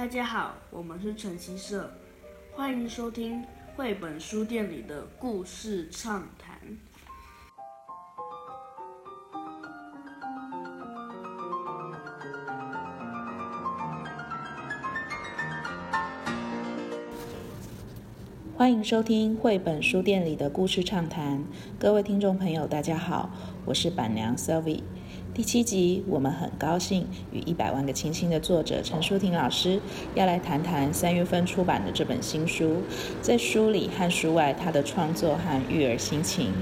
大家好，我們是晨曦社，歡迎收聽繪本書店裡的故事暢談。歡迎收聽繪本書店裡的故事暢談，各位聽眾朋友，大家好，我是板娘 Sylvie 第七集，我們很高興與一百萬個親親的作者諶淑婷老師要來談談三月份出版的這本新書，在書裡和書外，她的創作和育兒心情。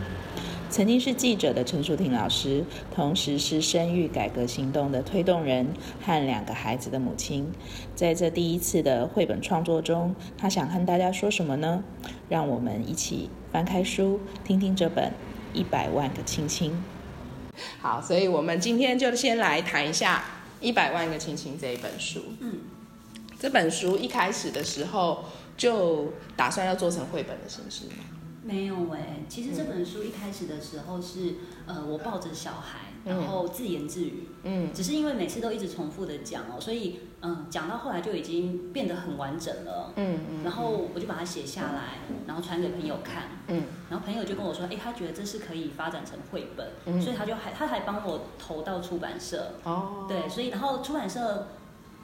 曾經是記者的諶淑婷老師，同時是生育改革行動的推動人和兩個孩子的母親。在這第一次的繪本創作中，她想和大家說什麼呢？讓我們一起翻開書，聽聽這本一百萬個親親。好，所以我們今天就先來談一下《一百萬個親親》這一本書。嗯，這本書一開始的時候就打算要做成繪本的形式嗎？沒有誒、欸。其實這本書一開始的時候是、嗯、呃，我抱着小孩。然後自言自語，嗯，嗯，只是因為每次都一直重複的講哦，所以嗯，講到後來就已經變得很完整了，嗯，嗯，然後我就把它寫下來，嗯，然後傳給朋友看，嗯，然後朋友就跟我說，哎，他覺得這是可以發展成繪本，嗯，所以他就還他還幫我投到出版社，哦，對，所以然後出版社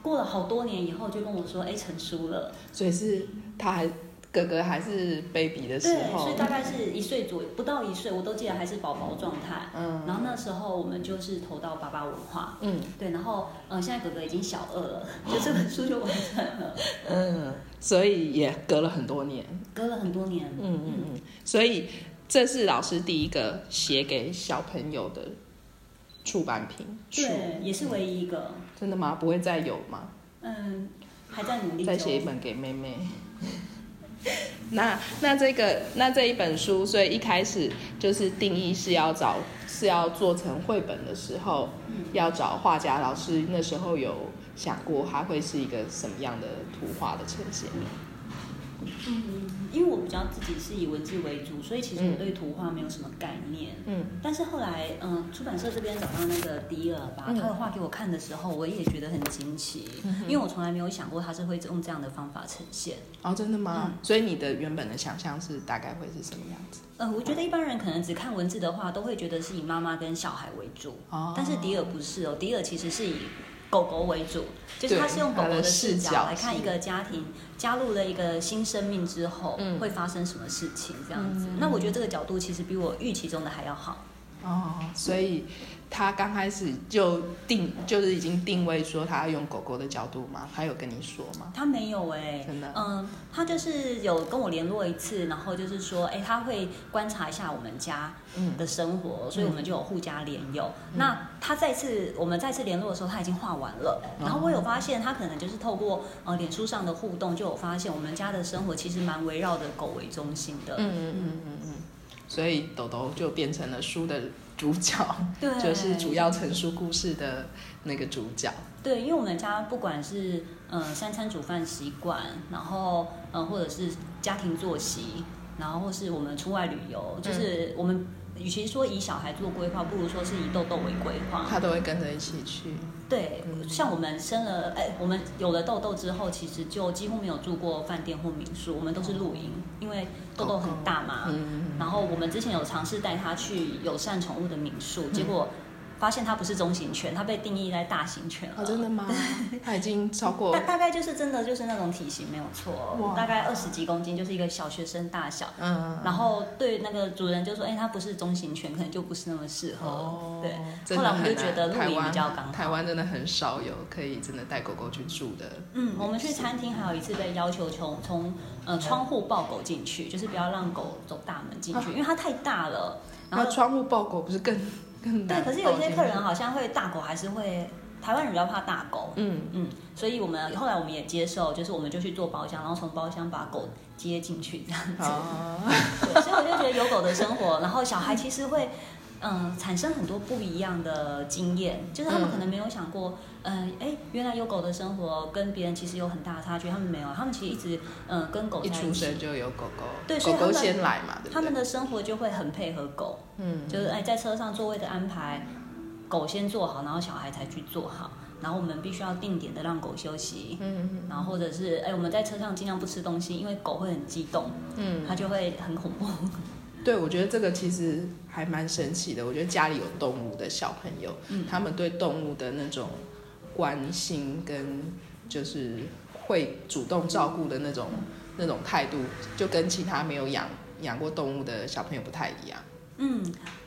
過了好多年以後就跟我說，哎，成書了，所以是他還。哥哥還是 baby 的時候，對，所以大概是一歲左右，嗯，不到一歲，我都記得還是寶寶狀態。嗯，然後那時候我們就是投到《巴巴文化》。嗯，對，然後嗯、呃，現在哥哥已經小二了，哦，就這本書就完成了。嗯，所以也隔了很多年，隔了很多年。嗯嗯嗯，所以這是老師第一個寫給小朋友的出版品，對，也是唯一一個、嗯。真的嗎？不會再有嗎？嗯，還在努力，再寫一本給妹妹。那那這個那這一本書，所以一開始就是定義是要找是要做成繪本的時候，要找畫家老師。那時候有想過，它會是一個什麼樣的圖畫的呈現？因為我比較自己是以文字為主，所以其實我對圖畫沒有什麼概念。嗯，但是後來，嗯、呃，出版社這邊找到那個迪爾迪薾，把、嗯、他的畫給我看的時候，我也覺得很驚奇、嗯，因為我從來沒有想過他是會用這樣的方法呈現。哦，真的嗎？嗯、所以你的原本的想象是大概會是什麼樣子？嗯、呃，我覺得一般人可能只看文字的話，都會覺得是以媽媽跟小孩為主。哦，但是迪薾不是哦，迪薾其實是以。狗狗為主，就是它是用狗狗的視角來看一個家庭加入了一個新生命之後會發生什麼事情這樣子。嗯。那我覺得這個角度其實比我預期中的還要好。哦，所以他剛開始就定，就是已經定位說他要用狗狗的角度嗎？他有跟你說嗎？他沒有哎、欸，真的，嗯，他就是有跟我聯絡一次，然後就是說，哎，他會觀察一下我們家的生活，嗯、所以我們就有互加聯友。嗯、那他再次我們再次聯絡的時候，他已經畫完了、嗯。然後我有發現，他可能就是透過呃臉書上的互動，就有發現我們家的生活其實蠻圍繞着狗為中心的。嗯嗯嗯嗯嗯。嗯嗯所以豆豆就變成了書的主角，對，就是主要陳述故事的那個主角。對，因為我們家不管是嗯、呃、三餐煮飯習慣，然後嗯、呃、或者是家庭作息，然後或是我們出外旅遊，就是我們、嗯、與其說以小孩做規劃，不如說是以豆豆為規劃，他都會跟着一起去。對，像我們生了，哎，我們有了豆豆之後，其實就幾乎沒有住過飯店或民宿，我們都是露營，因為豆豆很大嘛。Oh, oh. 然後我們之前有嘗試帶它去友善寵物的民宿，結果。發現它不是中型犬，它被定義在大型犬了。哦、真的嗎？它已經超過。大大概就是真的就是那種體型沒有錯，大概二十幾公斤就是一個小學生大小。嗯、然後對那個主人就說：“哎，它不是中型犬，可能就不是那麼適合。哦”對。後來我們就覺得路，露營比較剛好。台灣真的很少有可以真的帶狗狗去住的。嗯，我們去餐廳還有一次被要求，求從從呃窗戶抱狗進去，就是不要讓狗走大門進去，啊、因為它太大了。啊、然後窗戶抱狗不是更？對，可是有一些客人好像會大狗還是會，台灣人比較怕大狗，嗯嗯，所以我們後來我們也接受，就是我們就去做包廂，然後從包廂把狗接進去這樣子，啊，對，所以我就覺得有狗的生活， 然後小孩其實會嗯產生很多不一樣的經驗，就是他們可能沒有想過。嗯嗯、呃，原來有狗的生活、哦、跟別人其實有很大差距。他們沒有，他們其實一直嗯、呃，跟狗一,一出生就有狗狗，對狗狗先來嘛，他來嘛對不對？他們的生活就會很配合狗，嗯，就是哎，在車上座位的安排，狗先坐好，然後小孩才去坐好，然後我們必須要定點的讓狗休息，嗯，嗯，然後或者是哎，我們在車上盡量不吃東西，因為狗會很激動，嗯，它就會很恐怖。對，我覺得這個其實還蠻神奇的。我覺得家裡有動物的小朋友，嗯，他們對動物的那種。關心跟就是會主動照顧的那種那種態度，就跟其他沒有養養過動物的小朋友不太一樣。嗯，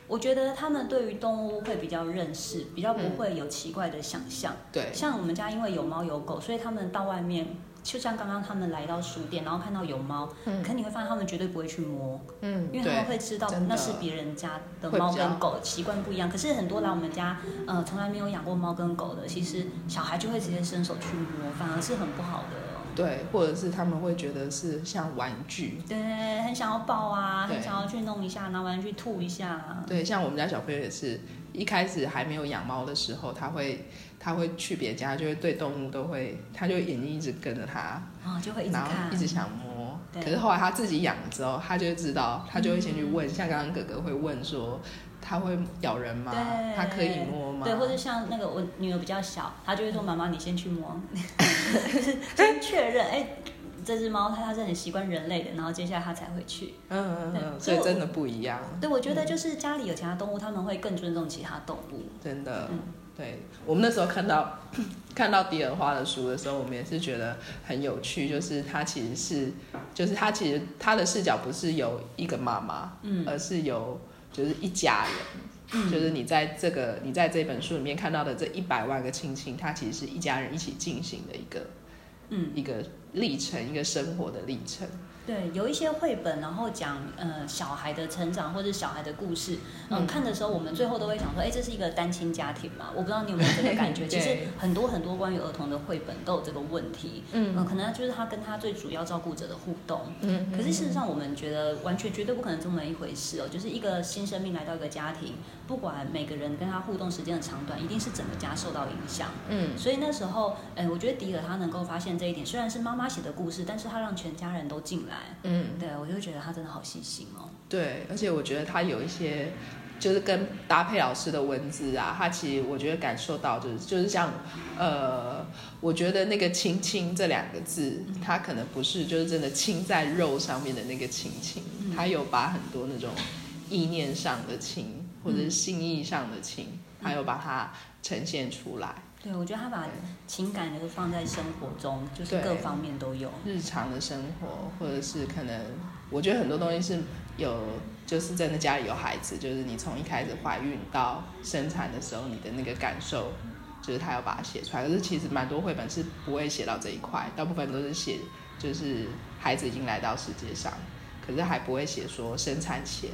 我覺得他們對於動物會比較認識，比較不會有奇怪的想象。嗯，對，像我們家因為有貓有狗，所以他們到外面。就像剛剛他們來到書店，然後看到有貓、嗯，可是你會發現他們絕對不會去摸，嗯，因為他們會知道那是別人家的貓跟狗，習慣不一樣。可是很多來我們家，呃，從來沒有養過貓跟狗的，其實小孩就會直接伸手去摸，反而是很不好的。對，或者是他們會覺得是像玩具，對，很想要抱啊，很想要去弄一下，拿玩具吐一下。對，像我們家小朋友也是一開始還沒有養貓的時候，他會。他會去別家，就會對動物都會，他就眼睛一直跟着它，哦、然後一直想摸。可是後來他自己養了之後，他就知道，他就會先去問、嗯，像剛剛哥哥會問說，他會咬人嗎？他可以摸嗎？對，或者像那個我女兒比較小，他就會說、嗯：“媽媽，你先去摸， 先確認。 ”哎、欸，這只貓它它是很習慣人類的，然後接下來它才會去。嗯嗯嗯。所以，所以真的不一樣。對，我覺得就是家裡有其他動物，他們會更尊重其他動物，真的。嗯對，我們那時候看到看到迪薾畫的書的時候，我們也是覺得很有趣，就是它其實是，就是它其實它的視角不是由一個媽媽，嗯，而是由就是一家人，嗯，就是你在這個你在這本書裡面看到的這一百萬個親親，它其實是一家人一起進行的一個，嗯，一個歷程，一個生活的歷程。對，有一些繪本，然後講呃小孩的成長或者小孩的故事，呃，嗯，看的時候我們最後都會想說，哎，這是一個單親家庭嘛？我不知道你有沒有這個感覺。 其實很多很多關於兒童的繪本都有這個問題，嗯、呃，可能就是他跟他最主要照顧者的互動。嗯，可是事實上我們覺得完全絕對不可能這麼一回事哦，就是一個新生命來到一個家庭，不管每個人跟他互動時間的長短，一定是整個家受到影響。嗯，所以那時候，哎，我覺得迪薾他能夠發現這一點，雖然是媽媽寫的故事，但是他讓全家人都進來。嗯，對，我就覺得他真的好細心哦。對，而且我覺得他有一些，就是跟搭配老師的文字啊，他其實我覺得感受到，就是就是像，呃，我覺得那個“親親”這兩個字，他可能不是就是真的親在肉上面的那個“親親”，他有把很多那種意念上的親，或者是心意上的親，他有把它呈現出來。對，我覺得他把情感，就是放在生活中，就是各方面都有。日常的生活，或者是可能，我覺得很多東西是有，就是真的家裡有孩子，就是你從一開始懷孕到生產的時候，你的那個感受，就是他要把它寫出來。可是其實蠻多繪本是不會寫到這一塊，大部分都是寫就是孩子已經來到世界上，可是還不會寫說生產前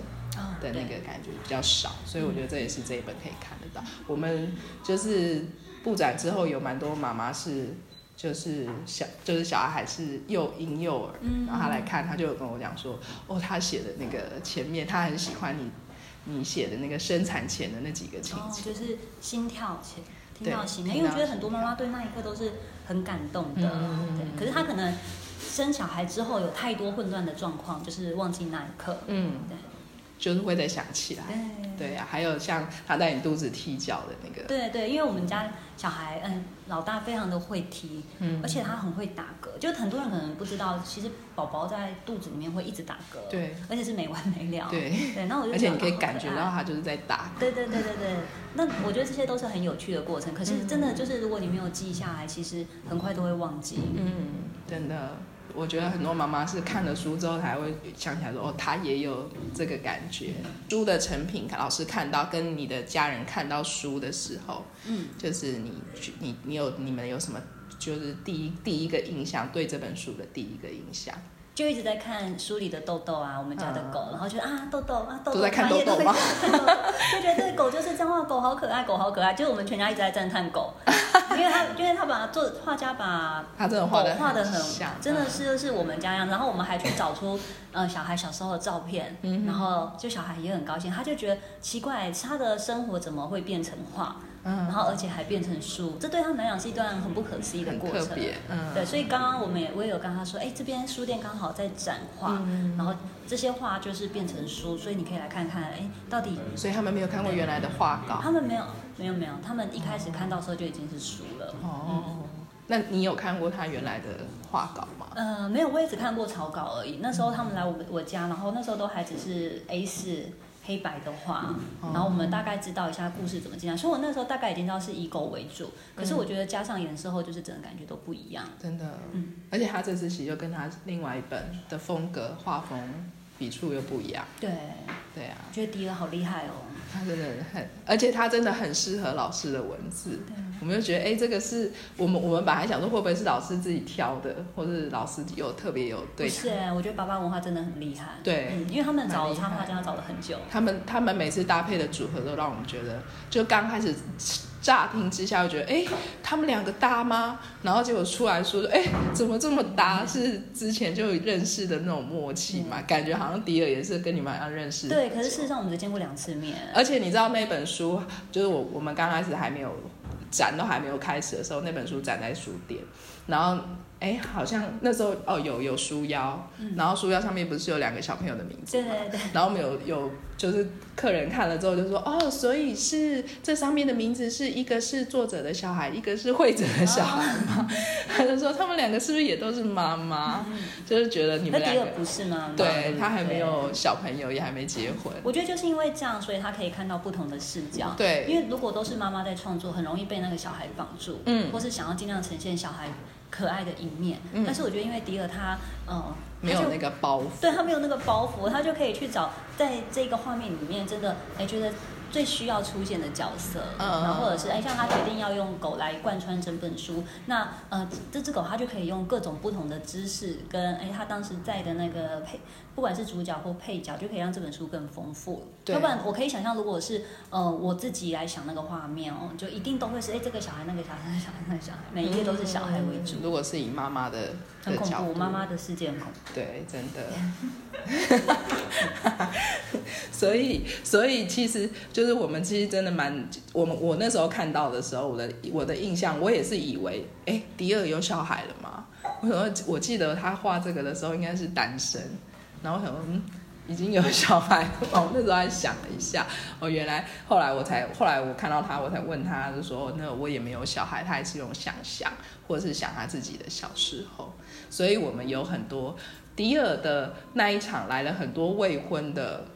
的那個感覺，哦，比較少，所以我覺得這也是這一本可以看得到。嗯、我們就是。布展之後有蠻多媽媽是，就是，就是小就是小孩還是幼嬰幼兒，嗯嗯，然後他來看，他就有跟我講說，哦，他寫的那個前面，他很喜歡你，你寫的那個生產前的那幾個情節，哦，就是心跳前，聽到心，聽到心跳，因為我覺得很多媽媽對那一刻都是很感動的，嗯嗯嗯嗯嗯，對，可是她可能生小孩之後有太多混亂的狀況，就是忘記那一刻，嗯，對。就是會再想起來，對，對啊，還有像他在你肚子踢腳的那個，對對，因為我們家小孩嗯，嗯，老大非常的會踢，嗯，而且他很會打嗝，就很多人可能不知道，其實寶寶在肚子裡面會一直打嗝，對，而且是沒完沒了，對，對，然後我就而且你可以感覺到他就是在打，對，對對對對對，那我覺得這些都是很有趣的過程，可是真的就是如果你沒有記下來，其實很快都會忘記，嗯，嗯嗯真的。我覺得很多媽媽是看了書之後才會想起來說，哦，她也有這個感覺。書的成品，老師看到跟你的家人看到書的時候，嗯，就是你你你有你們有什麼，就是第一第一個印象，對這本書的第一個印象。就一直在看書裡的豆豆啊，我們家的狗，嗯、然後就啊豆豆啊豆豆，啊豆豆在看也都會豆豆，豆豆，就覺得這個狗就是這樣，狗好可愛，狗好可愛，就我們全家一直在讚嘆狗 因，因為他因為他把作畫家把狗他畫的畫的很像，真的是就是我們家一樣子，然後我們還去找出嗯、 呃、小孩小時候的照片，然後就小孩也很高興，他就覺得奇怪他的生活怎麼會變成畫。嗯、然後而且還變成書，這對他們來講是一段很不可思議的過程。很特別、嗯、對，所以剛剛我們也我也有跟他說，哎，這邊書店剛好在展畫、嗯，然後這些畫就是變成書，所以你可以來看看，哎，到底。所以他們沒有看過原來的畫稿。他們沒有，沒有，沒有，他們一開始看到的時候就已經是書了。哦、嗯，那你有看過他原來的畫稿嗎？嗯、呃、沒有，我也只看過草稿而已。那時候他們來我我家，然後那時候都還只是 A4。黑白的畫、嗯，然後我們大概知道一下故事怎麼進來、嗯。所以我那時候大概已經知道是以狗為主、嗯，可是我覺得加上顏色後，就是整個感覺都不一樣，真的。嗯、而且他這幅畫又跟他另外一本的風格、畫風、筆觸又不一樣。對。對啊，我覺得迪薾好厲害哦，他真的很，而且他真的很適合老師的文字，對，我們就覺得哎、欸，這個是我們我們本來想說會不會是老師自己挑的，或者是老師有特別有對。不是哎，我覺得巴巴文化真的很厲害，對，嗯、因為他們找他畫這找了很久，他們他們每次搭配的組合都讓我們覺得，就剛開始乍聽之下我覺得哎、欸，他們兩個搭嗎？然後結果出來說哎、欸，怎麼這麼搭？嗯。是之前就認識的那種默契嘛，嗯、感覺好像迪薾也是跟你們好像認識的。對對，可是事實上我們只見過兩次面，而且你知道那本書，就是我我們剛開始還沒有展都還沒有開始的時候，那本書展在書店，然後。哎，好像那時候哦，有有書腰、嗯，然後書腰上面不是有兩個小朋友的名字？對對對。然後我們有有就是客人看了之後就說哦，所以是這上面的名字是一個是作者的小孩，一個是繪者的小孩嗎？哦，他就說他們兩個是不是也都是媽媽？嗯，就是覺得你們兩個，那迪薾不是媽媽，對，對，他還沒有小朋友，也還沒結婚。我覺得就是因為這樣，所以他可以看到不同的視角。對，因為如果都是媽媽在創作，很容易被那個小孩綁住，嗯，或是想要尽量呈現小孩。可愛的一面，嗯、但是我覺得，因為迪薾他，嗯、呃，沒有那個包袱，對他沒有那個包袱，他就可以去找，在這個畫面裡面，真的，哎，覺得。最需要出現的角色，嗯、然後或者是哎，像他決定要用狗來貫穿整本書，那呃這隻狗他就可以用各種不同的姿勢跟哎他當時在的那個配，不管是主角或配角，就可以讓這本書更豐富。啊、要不然我可以想象，如果是呃我自己來想那個畫面哦，就一定都會是哎這個小孩那個小孩那個小孩、那個、小孩，嗯、每一頁都是小孩為主。如果是以媽媽的。很恐怖，媽媽的世界很恐怖。對，真的。Yeah. 所以，所以其實就是我們其實真的蠻……我們我那時候看到的時候，我的我的印象，我也是以為，誒，欸，迪薾有小孩了嗎？我說，我記得他畫這個的時候應該是單身，然後我想說，嗯。已經有小孩了我、哦、那時候還想了一下，哦，原來後來我才後來我看到他，我才問他就說那個、我也沒有小孩，他也是用想象或者是想他自己的小時候，所以我們有很多迪薾的那一場來了很多未婚的。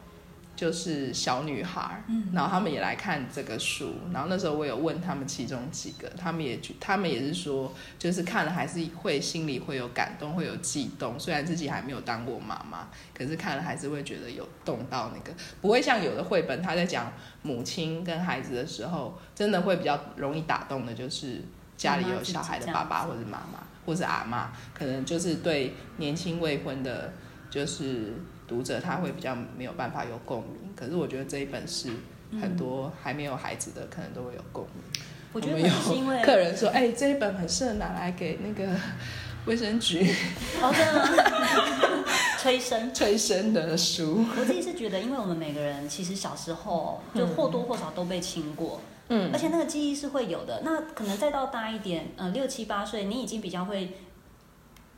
就是小女孩，嗯，然後他們也來看這個書，然後那時候我有問他們其中幾個，他們也，他們也是說，就是看了還是會心裡會有感動，會有悸動，雖然自己還沒有當過媽媽，可是看了還是會覺得有動到那個，不會像有的繪本，他在講母親跟孩子的時候，真的會比較容易打動的，就是家裡有小孩的爸爸或者媽媽，或者阿嬤，可能就是對年輕未婚的，就是。讀者他會比較沒有辦法有共鳴，可是我覺得這一本是很多還沒有孩子的可能都會有共鳴。嗯、我，有我覺得可能是因為客人說，哎，這一本很適合拿來給那個衛生局、哦、的催生催生的書。我自己是覺得，因為我們每個人其實小時候就或多或少都被親過，嗯，而且那個記憶是會有的。那可能再到大一點，嗯、呃，六七八歲，你已經比較會。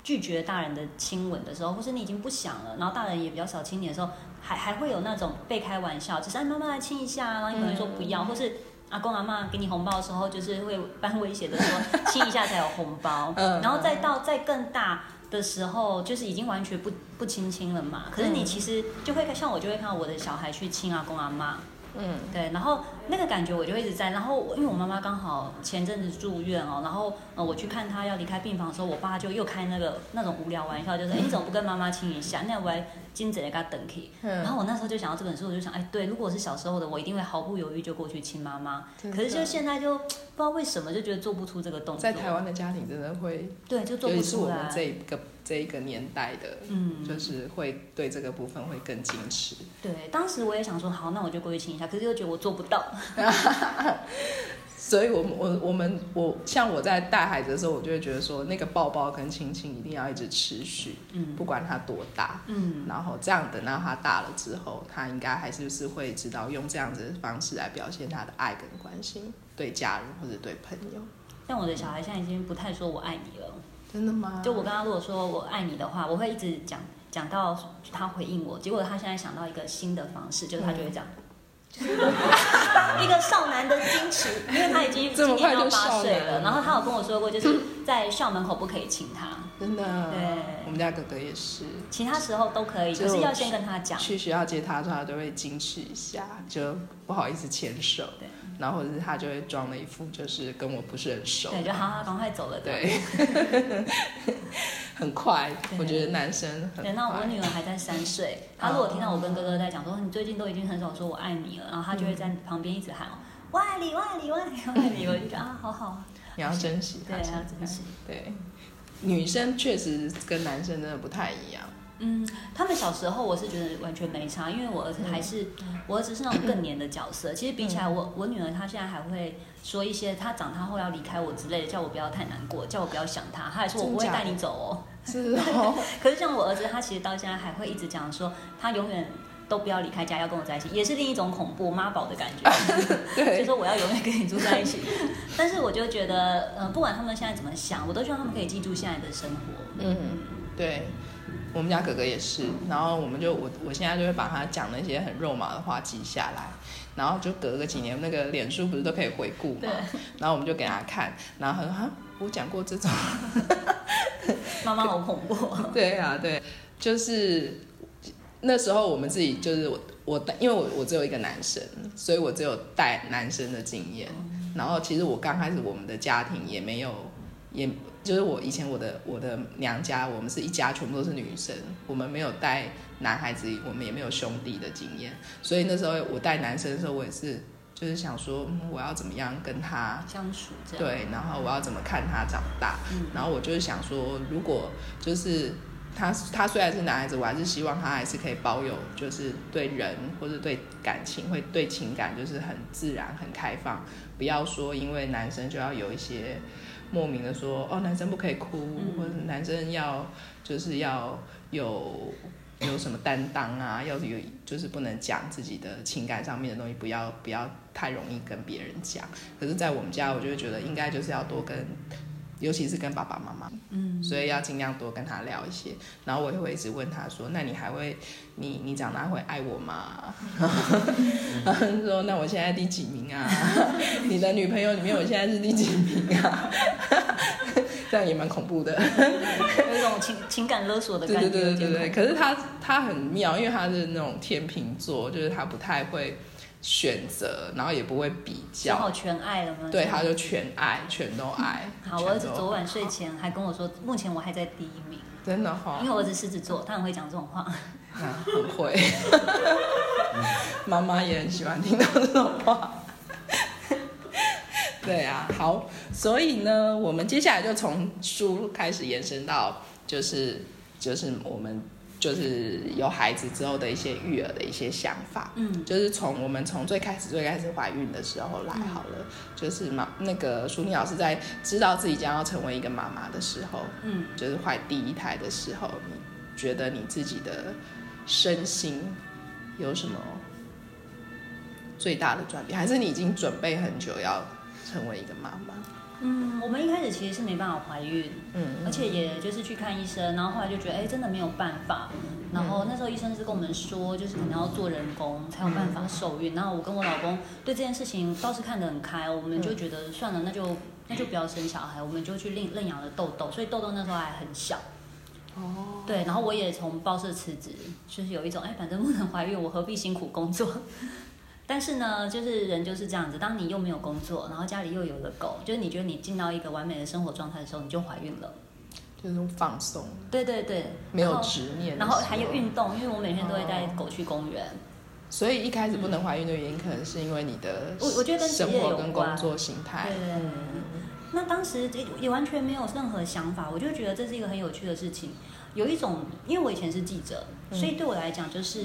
拒絕大人的親吻的時候，或是你已經不想了，然後大人也比較少親你的時候，還還會有那種被開玩笑，只是哎，媽媽來親一下啊，然後你可能說不要，嗯、或是阿公阿媽給你紅包的時候，就是會半威脅的說 親一下才有紅包，嗯、然後再到再更大的時候，就是已經完全不不親親了嘛。可是你其實就會、嗯、像我就會看到我的小孩去親阿公阿媽。嗯，對，然後那個感覺我就一直在，然後因為我媽媽剛好前陣子住院哦，然後呃我去看她要離開病房的時候，我爸就又開那個那種無聊玩笑，就是、嗯、“你怎麼不跟媽媽親一下？”那我還精準的給她等起。然後我那時候就想到這本書，我就想：“哎，對，如果是小時候的我，一定會毫不猶豫就過去親媽媽。嗯、可是就現在就不知道為什麼，就覺得做不出這個動作。在台灣的家庭真的會、嗯，對，就做不出來。我們這個”這一個年代的，嗯，就是會對這個部分會更矜持。對，當時我也想說，好，那我就過去親一下，可是又覺得我做不到。 所以我們，我我我們我，像我在帶孩子的時候，我就會覺得說，那個抱抱跟親親一定要一直持續，嗯，不管他多大，嗯，然後這樣等到他大了之後，他應該還是是會知道用這樣子的方式來表現他的愛跟關心，對家人或者對朋友。但我的小孩現在已經不太說我愛你了。真的嗎？就我剛剛如果說我愛你的話，我會一直講講到他回應我，結果他現在想到一個新的方式，就是他就會講。嗯、 一個少男的矜持，因為他已經今年都八歲了，了。然後他有跟我說過，就是在校門口不可以親他、嗯，真的。對，我們家哥哥也是，其他時候都可以，就是要先跟他講。去學校接他的時候，他都會矜持一下，就不好意思牽手。對然後或者是他就會裝了一副就是跟我不、不是很熟，對，就好好趕快走了，走對， 很快。我覺得男生很快，等到我女兒還在三歲，她如果聽到我跟哥哥在講說、哦、你最近都已經很少說我愛你了，然後她就會在旁邊一直喊哦、嗯，我愛你，我愛你，我愛你，我、你 我就覺得啊，好好，你要珍惜他，對，要珍惜，對，女生確實跟男生真的不太一樣。嗯，他們小時候我是覺得完全沒差，因為我兒子還是、嗯、我兒子是那種更黏的角色。嗯、其實比起來我，我我女兒她現在還會說一些她長大後要離開我之類的，叫我不要太難過，叫我不要想她。她還說我不會帶你走哦。是。 可是像我兒子，他其實到現在還會一直講說他永遠都不要離開家，要跟我在一起，也是另一種恐怖媽寶的感覺。所、啊、 就說我要永遠跟你住在一起。但是我就覺得，嗯，不管他們現在怎麼想，我都希望他們可以記住現在的生活。嗯，對。我們家哥哥也是，然後我們就我我現在就會把他講那些很肉麻的話記下來，然後就隔個幾年，那個臉書不是都可以回顧嘛，然後我們就給他看，然後他說啊，我講過這種， 媽媽好恐怖。對啊，對，就是那時候我們自己就是我我帶，因為我我只有一個男生，所以我只有帶男生的經驗，然後其實我剛開始我們的家庭也沒有也。就是我以前我的我的娘家，我們是一家全部都是女生，我們沒有帶男孩子，我們也沒有兄弟的經驗，所以那時候我帶男生的時候，我也是就是想說我要怎麼樣跟他相處，對，然後我要怎麼看他長大，嗯、然後我就是想說，如果就是他他雖然是男孩子，我還是希望他還是可以保有就是對人或是對感情，會對情感就是很自然很開放，不要說因為男生就要有一些。莫名的說，哦，男生不可以哭，或者男生要就是要有有什麼擔當啊，要有就是不能講自己的情感上面的東西，不要不要太容易跟別人講。可是，在我們家，我就會覺得應該就是要多跟。尤其是跟爸爸媽媽，嗯，所以要盡量多跟他聊一些。然後我就會一直問他說：“那你還會，你你長大會愛我嗎？”然 後說：“那我現在第幾名啊？ 你的女朋友裡面我現在是第幾名啊？” 這樣也蠻恐怖的，有、嗯、一種情情感勒索的感覺。對對對對對，可是他他很妙，因為他是那種天秤座，就是他不太會。選擇，然後也不會比較，然後全愛了嗎？對，他就全愛，全都愛。好，我兒子昨晚睡前還跟我說，目前我還在第一名，真的哈，因為我兒子獅子座，他很會講這種話，很、 啊、不會， 媽媽也很喜歡聽到這種話， 對啊，好，所以呢，我們接下來就從書開始延伸到，就是就是我們。就是有孩子之後的一些育兒的一些想法，嗯，就是從我們從最開始最開始懷孕的時候來好了，嗯、就是媽，那個淑婷老師在知道自己將要成為一個媽媽的時候，嗯，就是懷第一胎的時候，你覺得你自己的身心有什麼最大的轉變，還是你已經準備很久要成為一個媽媽？嗯，我們一開始其實是沒辦法懷孕，嗯，而且也就是去看醫生，然後後來就覺得，哎，真的沒有辦法，嗯。然後那時候醫生是跟我們說，就是可能要做人工才有辦法受孕，嗯。然後我跟我老公對這件事情倒是看得很開，我們就覺得算了，那就那就不要生小孩，我們就去另認養了豆豆。所以豆豆那時候還很小。哦。對，然後我也從報社辭職，就是有一種，哎，反正不能懷孕，我何必辛苦工作。但是呢，就是人就是這樣子。當你又沒有工作，然後家裡又有了狗，就是你覺得你進到一個完美的生活狀態的時候，你就懷孕了。就是那種放鬆。對對對，沒有執念。然後還有運動，因為我每天都會帶狗去公園。所以一開始不能懷孕的原因，可能是因為你的生活，我我覺得跟職業、跟工作形態。對，對，對，對、嗯。那當時也完全沒有任何想法，我就覺得這是一個很有趣的事情。有一種，因為我以前是記者，嗯、所以對我來講就是，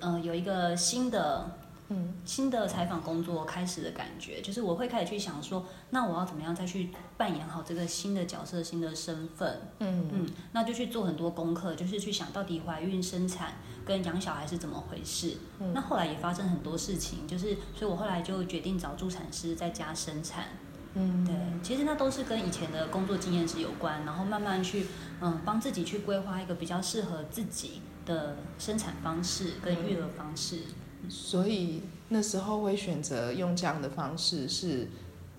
嗯，呃、有一個新的。嗯，新的採訪工作開始的感覺，就是我會開始去想說，那我要怎麼樣再去扮演好這個新的角色、新的身份？嗯嗯，那就去做很多功課，就是去想到底懷孕、生產跟養小孩是怎麼回事。嗯，那後來也發生很多事情，就是，所以我後來就決定找助產師在家生產。嗯，對，其實那都是跟以前的工作經驗是有關，然後慢慢去嗯幫自己去規劃一個比較適合自己的生產方式跟育兒方式。嗯嗯所以那時候會選擇用這樣的方式是，是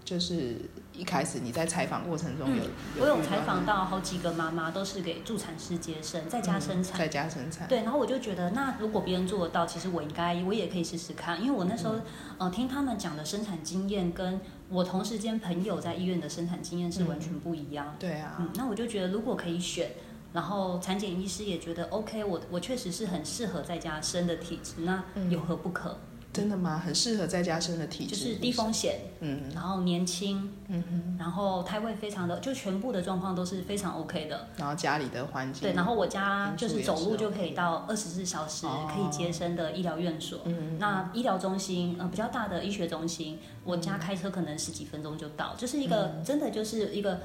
就是一開始你在採訪過程中有，有、嗯，我有採訪到好幾個媽媽，都是給助產師接生，在家生產，在、嗯、家生產，對。然後我就覺得，那如果別人做得到，其實我應該我也可以試試看，因為我那時候、嗯呃、聽他們講的生產經驗，跟我同時間朋友在醫院的生產經驗是完全不一樣、嗯，對啊，嗯，那我就覺得如果可以選。然後產檢醫師也覺得 OK，我我確實是很適合在家生的體質，那有何不可？嗯，真的嗎？很適合在家生的體質，就是低風險。嗯，然後年輕，嗯哼，然後胎位非常的，就全部的狀況都是非常 OK 的。然後家裡的環境對，然後我家就是走路就可以到二十四小時可以接生的醫療院所。嗯，哦，那醫療中心，嗯，呃，比較大的醫學中心，我家開車可能十幾分鐘就到，就是一個，嗯，真的就是一個。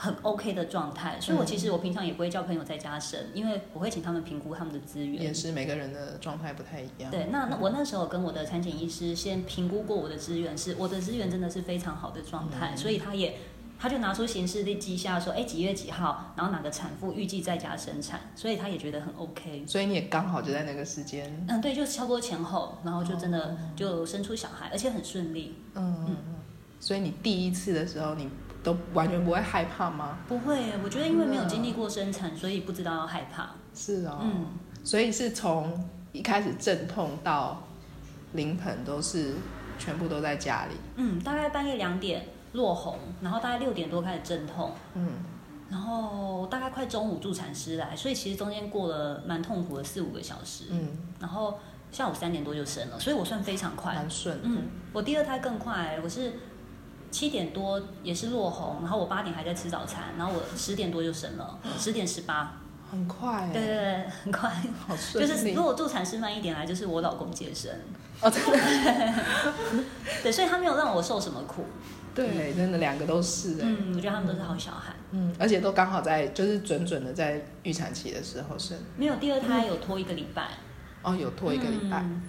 很 OK 的狀態，所以我其實我平常也不會叫朋友在家生，因為我會請他們評估他們的資源。也是每個人的狀態不太一樣。對，那那我那時候跟我的產檢醫師先評估過我的資源是，是我的資源真的是非常好的狀態，嗯、所以他也他就拿出行事歷記下說，哎幾月幾號，然後哪個產婦預計在家生產，所以他也覺得很 OK。所以你也剛好就在那個時間。嗯，對，就差不多前後，然後就真的就生出小孩，哦、而且很順利。嗯嗯嗯。所以你第一次的時候，你。都完全不會害怕嗎？不會，我覺得因為沒有經歷過生產，所以不知道要害怕。是啊，哦，嗯，所以是從一開始陣痛到臨盆都是全部都在家裡。嗯，大概半夜兩點落紅，然後大概六點多開始陣痛，嗯，然後大概快中午助產師來，所以其實中間過了蠻痛苦的四五個小時，嗯，然後下午三點多就生了，所以我算非常快，蠻順，嗯，我第二胎更快，我是。七點多也是落紅，然後我八點還在吃早餐，然後我十點多就生了，十點十八，很快。對對對，很快，好順。就是如果助產師慢一點來，就是我老公接生，哦 對。對。所以他沒有讓我受什麼苦。對，真的兩個都是哎、嗯，我覺得他們都是好小孩。嗯，嗯而且都剛好在就是準準的在預產期的時候生。沒有，第二胎有拖一個禮拜，嗯。哦，有拖一個禮拜。嗯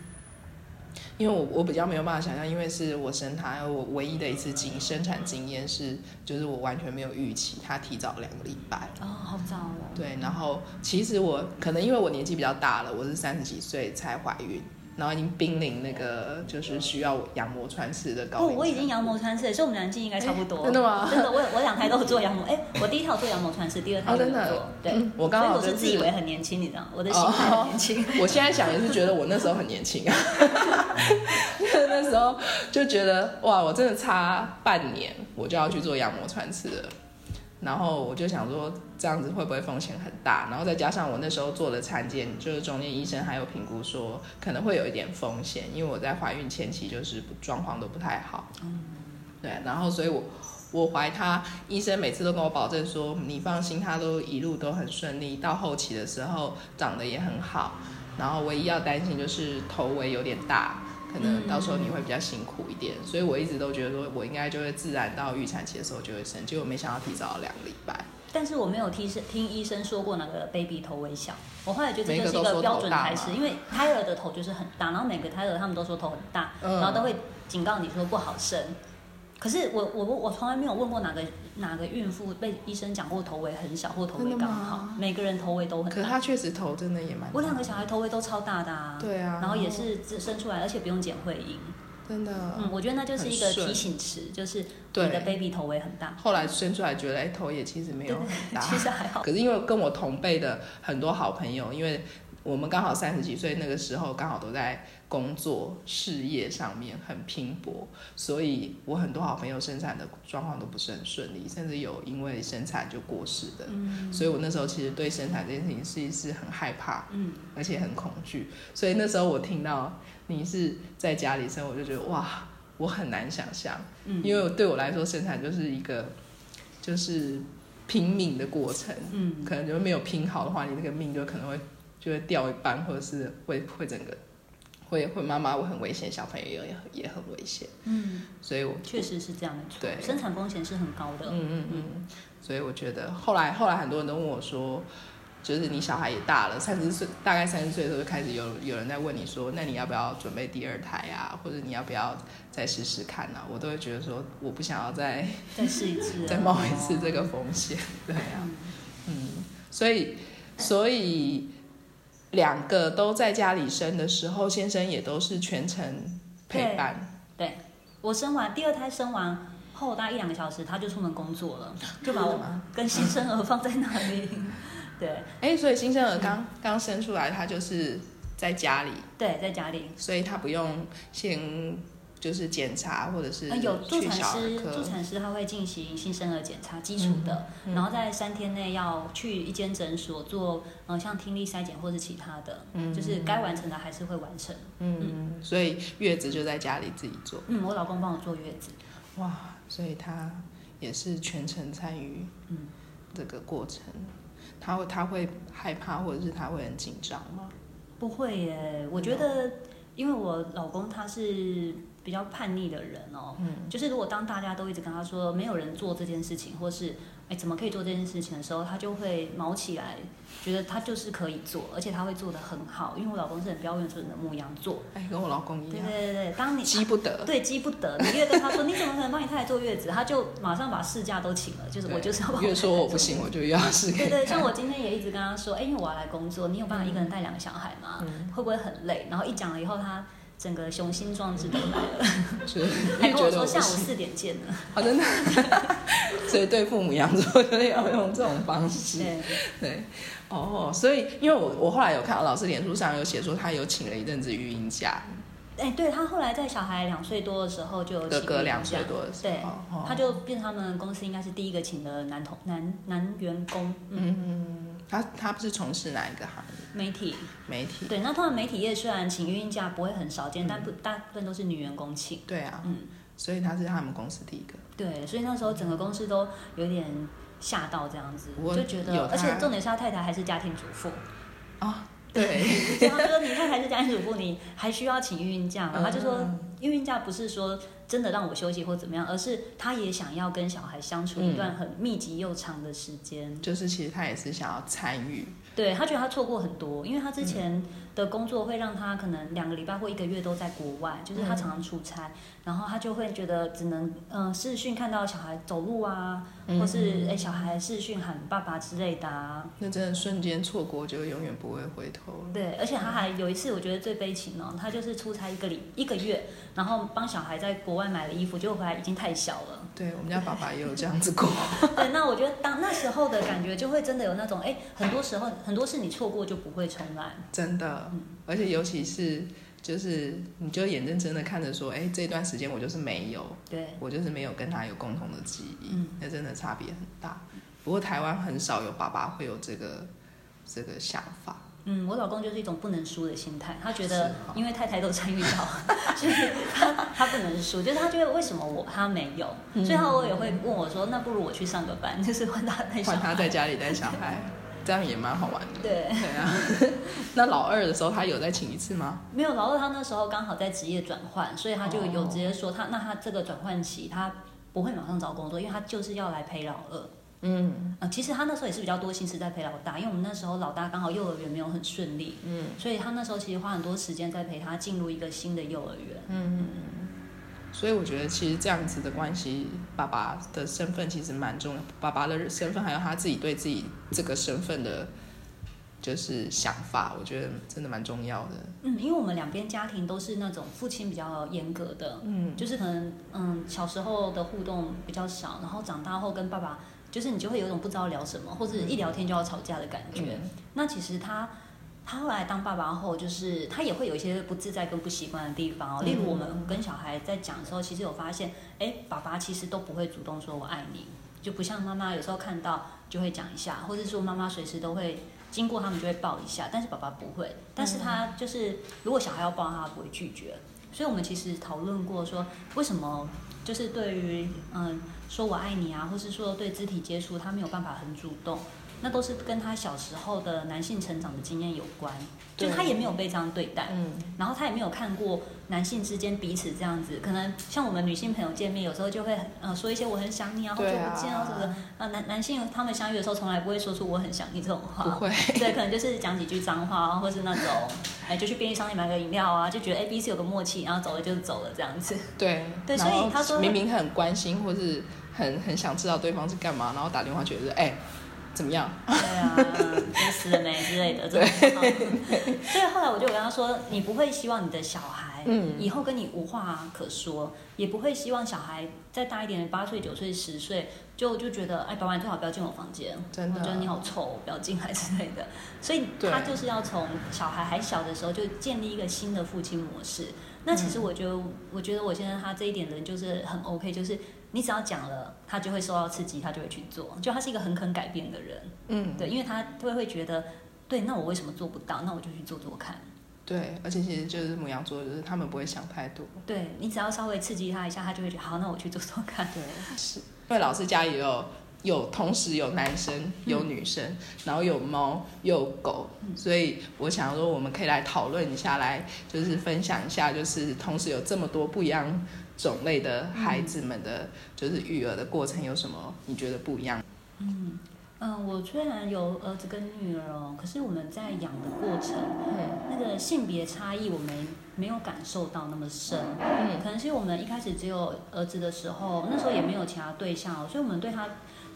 因為我我比較沒有辦法想象因為是我生他，我唯一的一次經生產經驗是，就是我完全沒有預期，他提早兩個禮拜。哦，好早哦。對，然後其實我可能因為我年紀比較大了，我是三十幾歲才懷孕。然後已經瀕臨那個，就是需要羊膜穿刺的高齡、哦。我已經羊膜穿刺了，所以我們年紀應該差不多。真的嗎？真的，我我兩胎都做羊膜，哎，我第一胎做羊膜穿刺，第二胎做、哦。真的。對，嗯、我剛剛我是自以為很年輕，你知道嗎？我的心態很年輕、哦。我現在想也是覺得我那時候很年輕啊，哈哈哈哈，那時候就覺得哇，我真的差半年我就要去做羊膜穿刺了。然後我就想說，這樣子會不會風險很大？然後再加上我那時候做的產檢，就是中間醫生還有評估說可能會有一點風險，因為我在懷孕前期就是狀況都不太好、嗯，對。然後所以我我懷他，醫生每次都跟我保證說你放心，他都一路都很順利，到後期的時候長得也很好。然後唯一要擔心就是頭圍有點大。可能到時候你會比較辛苦一點，嗯，所以我一直都覺得說我應該就會自然到預產期的時候就會生，結果沒想到提早了兩個禮拜。但是我沒有聽，聽醫生說過那個 baby 頭圍小，我後來覺得這個是一個標準台詞，因為胎兒的頭就是很大，然後每個胎兒他們都說頭很大，嗯、然後都會警告你說不好生。可是我我我從來沒有問過哪個哪個孕婦被醫生講過頭圍很小或頭圍剛好，每個人頭圍都很大，可是他確實頭真的也蠻大。我兩個小孩頭圍都超大的啊。對啊，然後也是生出來，而且不用剪會陰。真的。嗯，我覺得那就是一個提醒詞，就是你的 baby 頭圍很大。後來生出來覺得，哎、欸，頭也其實沒有很大，其實還好。可是因為跟我同輩的很多好朋友，因為。我們剛好三十幾歲，那個時候剛好都在工作事業上面很拼搏，所以我很多好朋友生產的狀況都不是很順利，甚至有因為生產就過世的。嗯，所以我那時候其實對生產這件事情是一是很害怕，嗯，而且很恐懼。所以那時候我聽到你是在家裡生，我就覺得哇，我很難想象，嗯，因為對我來說生產就是一個就是拼命的過程，嗯，可能就沒有拼好的話，你那個命就可能會。就會掉一半，或者是會會整個會會媽媽會很危險，小朋友也很也很危險。嗯，所以我確實是這樣的。對，生產風險是很高的。嗯嗯嗯。所以我覺得後來後來很多人都問我說，就是你小孩也大了三十歲，大概三十歲的時候就開始有有人在問你說，那你要不要準備第二胎啊？或者你要不要再試試看呢、啊？我都會覺得說，我不想要再再試一次， 再冒一次這個風險。對、嗯、啊，嗯，所以所以。兩個都在家裡生的時候，先生也都是全程陪伴。對，對，我生完第二胎生完後，大概一兩個小時他就出門工作了，就把我跟新生兒放在那裡。 對誒，所以新生兒剛剛生出來，他就是在家裡。對，在家裡，所以他不用先。就是檢查或者是、哎、有助產師，助產師他會進行新生兒檢查基礎的、嗯，然後在三天內要去一間診所做，嗯，像聽力篩檢或是其他的，嗯、就是該完成的還是會完成嗯。嗯，所以月子就在家裡自己做。嗯，我老公幫我坐月子。哇，所以他也是全程參與這個過程，他他會害怕或者是他會很緊張嗎？不會耶，我覺得因為我老公他是。比較叛逆的人哦、喔，嗯，就是如果當大家都一直跟他說沒有人做這件事情，或是哎、欸、怎麼可以做這件事情的時候，他就會毛起來，覺得他就是可以做，而且他會做得很好。因為我老公是很標準的牧羊座，哎、欸，跟我老公一樣。對對對，當你激不得，對激不得，你越跟他說 你怎麼可能幫你太太坐月子，他就馬上把事假都請了，就是我就是要越說我不行，就我就要試。對對，對，像我今天也一直跟他說，哎、欸，因為我要來工作，你有辦法一個人帶兩個小孩嗎、嗯？會不會很累？然後一講了以後，他。整個雄心壯志都來了， 還跟我說下午四點見呢。好、 啊、的， 所以對父母養子，我覺得要用這種方式。對，對哦，所以因為我我後來有看到老師臉書上有寫說他有請了一陣子育嬰假。哎、欸，對他後來在小孩兩歲多的時候就有請育嬰假，哥哥兩歲多的時候。對，他就變成他們公司應該是第一個請的男同男男員工。嗯嗯，他他不是從事哪一個行業？媒體，媒體，對，那通常媒體業雖然請育嬰假不會很少見，嗯、但不大部分都是女員工請。對啊，嗯，所以他是他們公司第一個。對，所以那時候整個公司都有點嚇到這樣子，嗯、就覺得我，而且重點是他太太還是家庭主婦。啊、哦，對， 他說你太太是家庭主婦，你還需要請育嬰假嗎、嗯？他就說育嬰假不是說真的讓我休息或怎麼樣，而是他也想要跟小孩相處一段很密集又長的時間。嗯、就是其實他也是想要參與。對，他覺得他錯過很多，因為他之前的工作會讓他可能兩個禮拜或一個月都在國外，就是他常常出差，嗯、然後他就會覺得只能嗯、呃、視訊看到小孩走路啊，嗯、或是哎、欸、小孩視訊喊爸爸之類的啊。那真的瞬間錯過，就永遠不會回頭。對，而且他還有一次，我覺得最悲情哦，他就是出差一個禮一個月，然後幫小孩在國外買了衣服，結果回來已經太小了。對，我們家爸爸也有這樣子過。 對，那我覺得當那時候的感覺，就會真的有那種，哎，很多時候很多事你錯過就不會重來。真的，而且尤其是就是你就眼睜睜的看着說，哎，這段時間我就是沒有，對我就是沒有跟他有共同的記憶，那真的差別很大。不過台灣很少有爸爸會有這個這個想法。嗯，我老公就是一種不能輸的心態，他覺得因為太太都參與到，所以 他他不能輸。就是他覺得為什麼我他沒有，最、嗯、後我也會問我說、嗯，那不如我去上個班，就是換他帶，換他在家裡帶小孩，這樣也蠻好玩的。對，對啊。 那老二的時候，他有再請一次嗎？沒有，老二他那時候剛好在職業轉換，所以他就有直接說他、哦、那他這個轉換期他不會馬上找工作，因為他就是要來陪老二。嗯啊，其實他那時候也是比較多心思在陪老大，因為我們那時候老大剛好幼兒園沒有很順利，嗯，所以他那時候其實花很多時間在陪他進入一個新的幼兒園，嗯，嗯，所以我覺得其實這樣子的關係，爸爸的身份其實蠻重要，爸爸的身份還有他自己對自己這個身份的，就是想法，我覺得真的蠻重要的。嗯，因為我們兩邊家庭都是那種父親比較嚴格的，嗯，就是可能嗯小時候的互動比較少，然後長大後跟爸爸。就是你就會有一種不知道聊什麼，或者一聊天就要吵架的感覺，嗯嗯。那其實他，他後來當爸爸後，就是他也會有一些不自在跟不習慣的地方，哦嗯，例如我們跟小孩在講的時候，其實有發現，誒，爸爸其實都不會主動說我愛你，就不像媽媽有時候看到就會講一下，或者說媽媽隨時都會經過他們就會抱一下，但是爸爸不會。但是他就是如果小孩要抱他，不會拒絕。所以我們其實討論過說，為什麼就是對於嗯。說我愛你啊，或是說對肢體接觸，他沒有辦法很主動。那都是跟他小時候的男性成長的經驗有關，就是、他也沒有被這樣對待、嗯，然後他也沒有看過男性之間彼此這樣子。可能像我們女性朋友見面，有時候就會、呃、說一些“我很想你、這個、啊，好久不見啊”是不是？男男性他們相遇的時候，從來不會說出“我很想你”這種話，不會。對，可能就是講幾句髒話啊，或是那種 哎，就去便利商店買個飲料啊，就覺得哎彼此有個默契，然後走了就是走了這樣子。對，對，所以他說明明很關心，或是很很想知道對方是幹嘛，然後打電話覺得哎。怎麼樣？ 對啊，死了沒之類的，這 種情況。所以後來我就跟他說，你不會希望你的小孩以後跟你無話可說，嗯、也不會希望小孩再大一點，八歲、九歲、十歲，就就覺得，哎，爸爸你最好不要進我房間，真的，我覺得你好臭，不要進來之類的。所以他就是要從小孩還小的時候就建立一個新的父親模式。那其實我覺得、嗯，我覺得我現在他這一點人就是很 OK，就是你只要講了，他就會受到刺激，他就會去做，就他是一個很肯改變的人，嗯，對，因為他他會覺得，對，那我為什麼做不到？那我就去做做看。對，而且其實就是牡羊座，就是他們不會想太多。對，你只要稍微刺激他一下，他就會覺得好，那我去做做看。對，是。因為老師加油哦。有同時有男生有女生、嗯，然後有貓有狗、嗯，所以我想說我們可以來討論一下來，來就是分享一下，就是同時有這麼多不一樣種類的孩子們的、嗯、就是育兒的過程有什麼你覺得不一樣？嗯嗯、呃，我雖然有兒子跟女兒哦，可是我們在養的過程，嗯嗯、那個性別差異我們沒，沒有感受到那麼深，嗯、可能是因為我們一開始只有兒子的時候，那時候也沒有其他對象、哦，所以我們對他。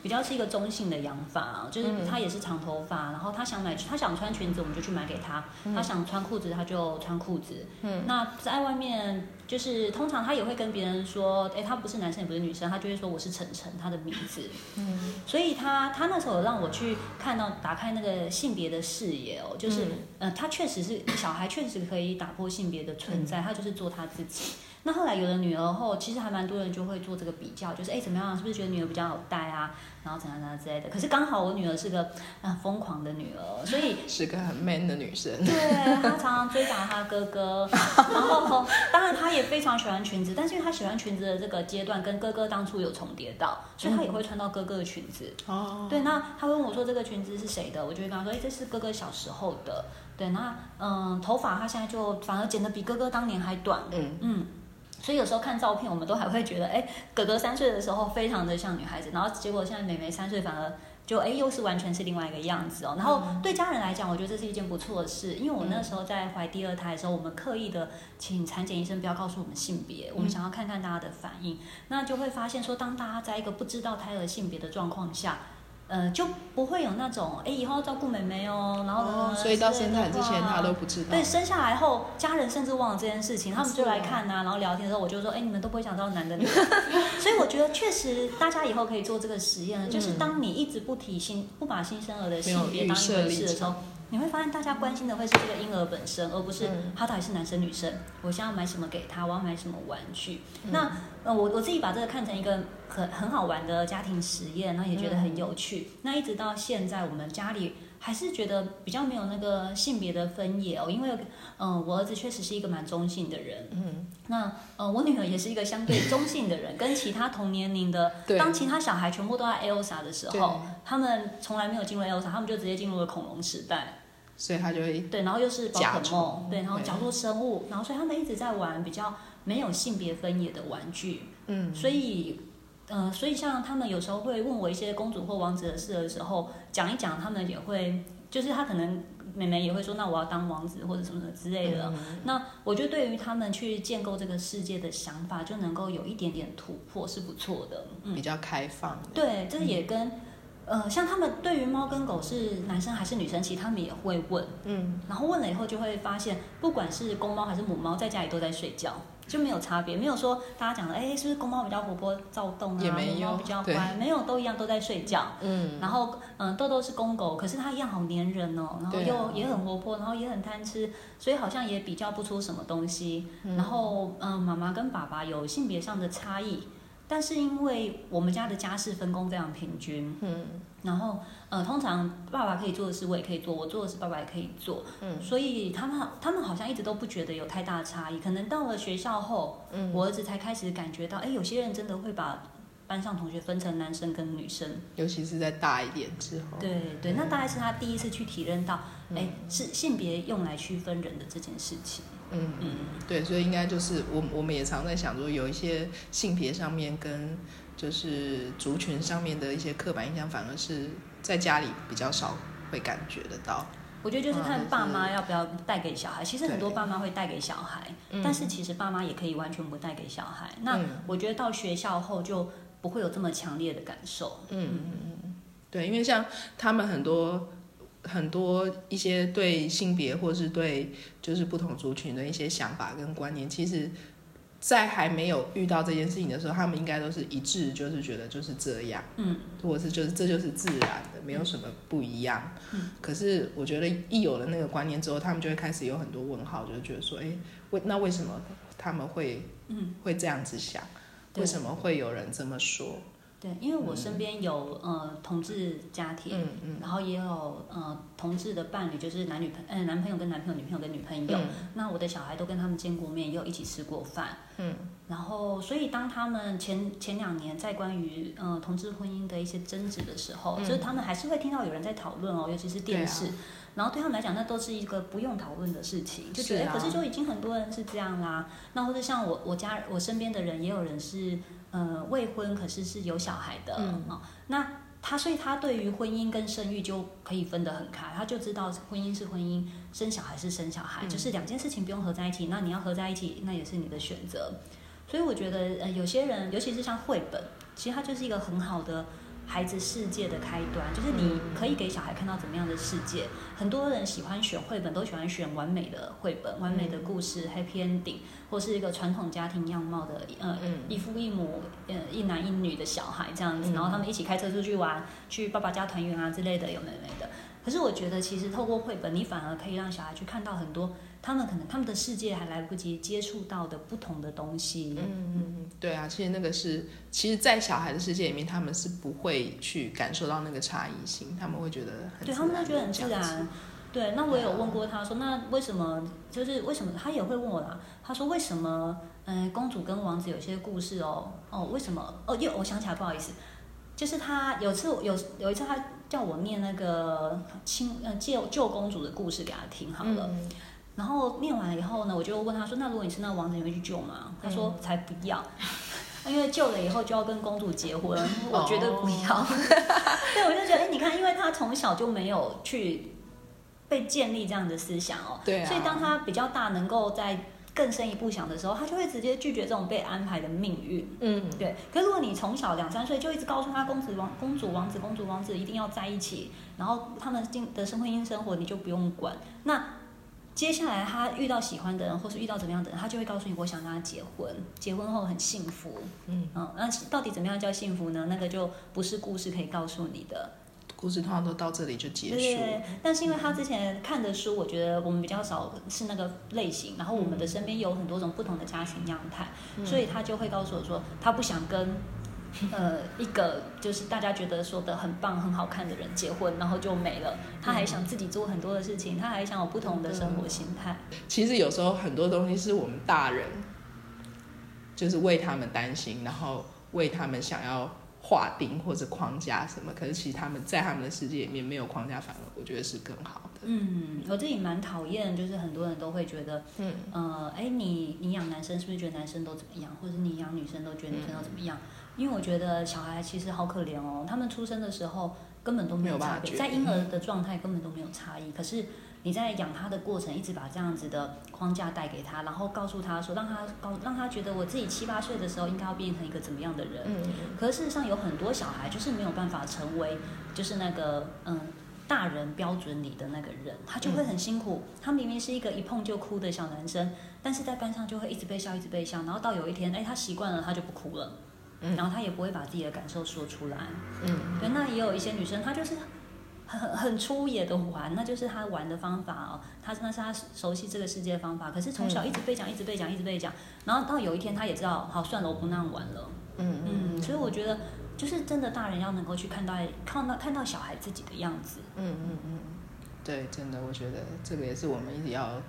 比較是一個中性的養法，就是他也是長頭髮、嗯，然後他想買他想穿裙子，我們就去買給他；嗯、他想穿褲子，他就穿褲子。嗯，那在外面就是通常他也會跟別人說，哎、欸，他不是男生也不是女生，他就會說我是晨晨，他的名字。嗯，所以他他那時候讓我去看到打開那個性別的視野哦、喔，就是嗯，呃、他確實是小孩，確實可以打破性別的存在、嗯，他就是做他自己。那後來有了女兒後，其實還蠻多人就會做這個比較，就是哎怎麼樣，是不是覺得女兒比較好帶啊？然後怎樣怎樣之類的。可是剛好我女兒是個很、啊、瘋狂的女兒，所以是個很 man 的女生。對，她常常追打她哥哥， 然後當然她也非常喜歡裙子，但是因為她喜歡裙子的這個階段跟哥哥當初有重疊到，所以她也會穿到哥哥的裙子。哦、嗯，對，那她問我說，這個裙子是誰的，我就會跟她說，哎，這是哥哥小時候的。對，那嗯，頭髮她現在就反而剪得比哥哥當年還短。嗯嗯。所以有時候看照片，我們都還會覺得，哎、欸，哥哥三歲的時候非常的像女孩子，然後結果現在妹妹三歲反而就，哎、欸、又是完全是另外一個樣子哦。然後對家人來講，我覺得這是一件不錯的事，因為我那時候在懷第二胎的時候，我們刻意的請產檢醫生不要告訴我們性別，我們想要看看大家的反應，嗯、那就會發現說，當大家在一個不知道胎兒性別的狀況下。呃，就不會有那種，哎、欸，以後要照顧妹妹哦、喔，然後生、哦、所以到生產之前他都不知道，對，對，生下來後家人甚至忘了這件事情，他們就來看吶、啊啊啊，然後聊天的時候我就說，哎、欸，你們都不會想到男的女的， 所以我覺得確實大家以後可以做這個實驗了、嗯，就是當你一直不提醒、不把新生兒的性別當一回事的時候。你會發現，大家關心的會是這個嬰兒本身，而不是他到底是男生女生。嗯、我想要買什麼給他，我要買什麼玩具。嗯、那呃，我我自己把這個看成一個很很好玩的家庭實驗，然後也覺得很有趣、嗯。那一直到現在，我們家裡還是覺得比較沒有那個性別的分野哦，因為嗯、呃，我兒子確實是一個蠻中性的人。嗯、那呃，我女兒也是一個相對中性的人，嗯、 跟其他同年齡的對，當其他小孩全部都在 Elsa 的時候，他們從來沒有進入 Elsa，他們就直接進入了恐龍時代。所以他就會對，然後又是寶可夢，對，然後角落生物，然後所以他們一直在玩比較沒有性別分野的玩具，嗯，所以，嗯、呃，所以像他們有時候會問我一些公主或王子的事的時候，講一講，他們也會，就是他可能妹妹也會說，那我要當王子或者什麼什麼之類的。嗯、那我覺得對於他們去建構這個世界的想法，就能夠有一點點突破是不錯的，嗯，比較開放，對，這也跟。嗯呃，像他們對於貓跟狗是男生還是女生，其實他們也會問，嗯，然後問了以後就會發現，不管是公貓還是母貓，在家裡都在睡覺，就沒有差別，沒有說大家講的，欸，是不是公貓比較活潑躁動啊，沒有，母貓比較乖，沒有，都一樣，都在睡覺，嗯，然後嗯、呃，豆豆是公狗，可是它一樣好粘人哦，然後又也很活潑，然後也很貪吃，所以好像也比較不出什麼東西，嗯、然後嗯、呃，媽媽跟爸爸有性別上的差異。但是因為我們家的家事分工非常平均，嗯，然後呃，通常爸爸可以做的事我也可以做，我做的事爸爸也可以做，嗯，所以他們他們好像一直都不覺得有太大的差異，可能到了學校後，嗯，我兒子才開始感覺到，哎，有些人真的會把。班上同學分成男生跟女生，尤其是在大一點之後，對對、嗯，那大概是他第一次去體認到，哎、嗯欸，是性別用來區分人的這件事情。嗯嗯，對，所以應該就是我們我們也常在想說，有一些性別上面跟就是族群上面的一些刻板印象，反而是在家裡比較少會感覺得到。我覺得就是看爸媽要不要帶給小孩，其實很多爸媽會帶給小孩，但是其實爸媽也可以完全不帶給小孩，嗯。那我覺得到學校後就不會有這麼強烈的感受。嗯，對，因為像他們很多很多一些對性別或是對就是不同族群的一些想法跟觀念，其實，在還沒有遇到這件事情的時候，他們應該都是一致，就是覺得就是這樣，嗯，或者是就是這就是自然的，沒有什麼不一樣。嗯，可是我覺得一有了那個觀念之後，他們就會開始有很多問號，就覺得說，哎，為那為什麼他們會嗯會這樣子想？為什麼會有人這麼說？對，因為我身邊有、嗯、呃同志家庭，嗯嗯、然後也有呃同志的伴侶，就是男女朋呃男朋友跟男朋友，女朋友跟女朋友。嗯、那我的小孩都跟他們見過面，也有一起吃過飯。嗯，然後所以當他們前前兩年在關於呃同志婚姻的一些爭執的時候、嗯，就是他們還是會聽到有人在討論哦，尤其是電視、嗯。然後對他們來講，那都是一個不用討論的事情，就覺得是、啊、可是就已經很多人是這樣啦、啊。那或者像我我家我身邊的人，也有人是。嗯呃，未婚可是是有小孩的哦、嗯。那他，所以他對於婚姻跟生育就可以分得很開，他就知道婚姻是婚姻，生小孩是生小孩、嗯，就是兩件事情不用合在一起。那你要合在一起，那也是你的選擇。所以我覺得，呃，有些人，尤其是像繪本，其實它就是一個很好的。孩子世界的開端，就是你可以給小孩看到怎麼樣的世界。嗯、很多人喜歡選繪本，都喜歡選完美的繪本、完美的故事、嗯、，happy ending，或是一個傳統家庭樣貌的，呃，嗯、一父一母、呃，一男一女的小孩這樣子，然後他們一起開車出去玩，嗯、去爸爸家團圓啊之類的，有沒有的。可是我覺得，其實透過繪本，你反而可以讓小孩去看到很多。他們可能他們的世界還來不及接觸到的不同的東西。嗯嗯，嗯對啊，其實那個是，其實，在小孩的世界裡面，他們是不會去感受到那個差異性，他們會覺得很對，他們會覺得很自然。對，那我有問過他說，那為什麼？就是為什麼？他也會問我啦。他說為什麼？嗯、哎，公主跟王子有些故事哦，哦，為什麼？哦，又，又我想起來，不好意思，就是他有次有有一次他叫我念那個親嗯，借、呃、救，救公主的故事給他聽好了。嗯然後念完了以後呢，我就問他說：“那如果你是那個王子，你會去救嗎？”嗯、他說：“才不要，因為救了以後就要跟公主結婚， 我絕對不要。哦” 對，我就覺得哎、欸，你看，因為他從小就沒有去被建立這樣的思想哦，對、啊，所以當他比較大，能夠再更深一步想的時候，他就會直接拒絕這種被安排的命運。嗯，對。可是如果你從小兩三歲就一直告訴他，公子王、公主、王子公主、王子一定要在一起，然後他們進的生婚姻生活你就不用管那。接下來他遇到喜歡的人，或是遇到怎麼樣的人，他就會告訴你，我想跟他結婚，結婚後很幸福嗯。嗯，那到底怎麼樣叫幸福呢？那個就不是故事可以告訴你的。故事通常都到這裡就結束。對。但是因為他之前看的書，我覺得我們比較少是那個類型，然後我們的身邊有很多種不同的家庭樣態，嗯、所以他就會告訴我說，他不想跟。 呃，一個就是大家覺得說的很棒、很好看的人結婚，然後就沒了。他還想自己做很多的事情，嗯、他還想有不同的生活心態、嗯嗯。其實有時候很多東西是我們大人，就是為他們擔心，然後為他們想要劃定或者框架什麼。可是其實他們在他們的世界裡面沒有框架，反而我覺得是更好的。嗯，我自己蠻討厭，就是很多人都會覺得，嗯，呃，哎，你你養男生是不是覺得男生都怎麼樣，或者你養女生都覺得女生都怎麼樣？嗯因為我覺得小孩其實好可憐哦，他們出生的時候根本都沒有差別，在嬰兒的狀態根本都沒有差異。可是你在養他的過程，一直把這樣子的框架帶給他，然後告訴他說，讓他高讓他覺得我自己七八歲的時候應該要變成一個怎麼樣的人。嗯。可是事實上有很多小孩就是沒有辦法成為，就是那個嗯大人標準裡的那個人，他就會很辛苦。他明明是一個一碰就哭的小男生，但是在班上就會一直被笑，一直被笑，然後到有一天，哎，他習慣了，他就不哭了。嗯、然後他也不會把自己的感受說出來。嗯，對，那也有一些女生，她就是很很粗野的玩，嗯，那就是她玩的方法哦，她那是她熟悉這個世界的方法。可是從小一直被講，嗯、一直被講，一直被講，一直被講，然後到有一天，她也知道，好，算了，我不那樣玩了。嗯嗯。所以我覺得，就是真的，大人要能夠去看到看到看到小孩自己的樣子。嗯嗯嗯，對，真的，我覺得這個也是我們一直要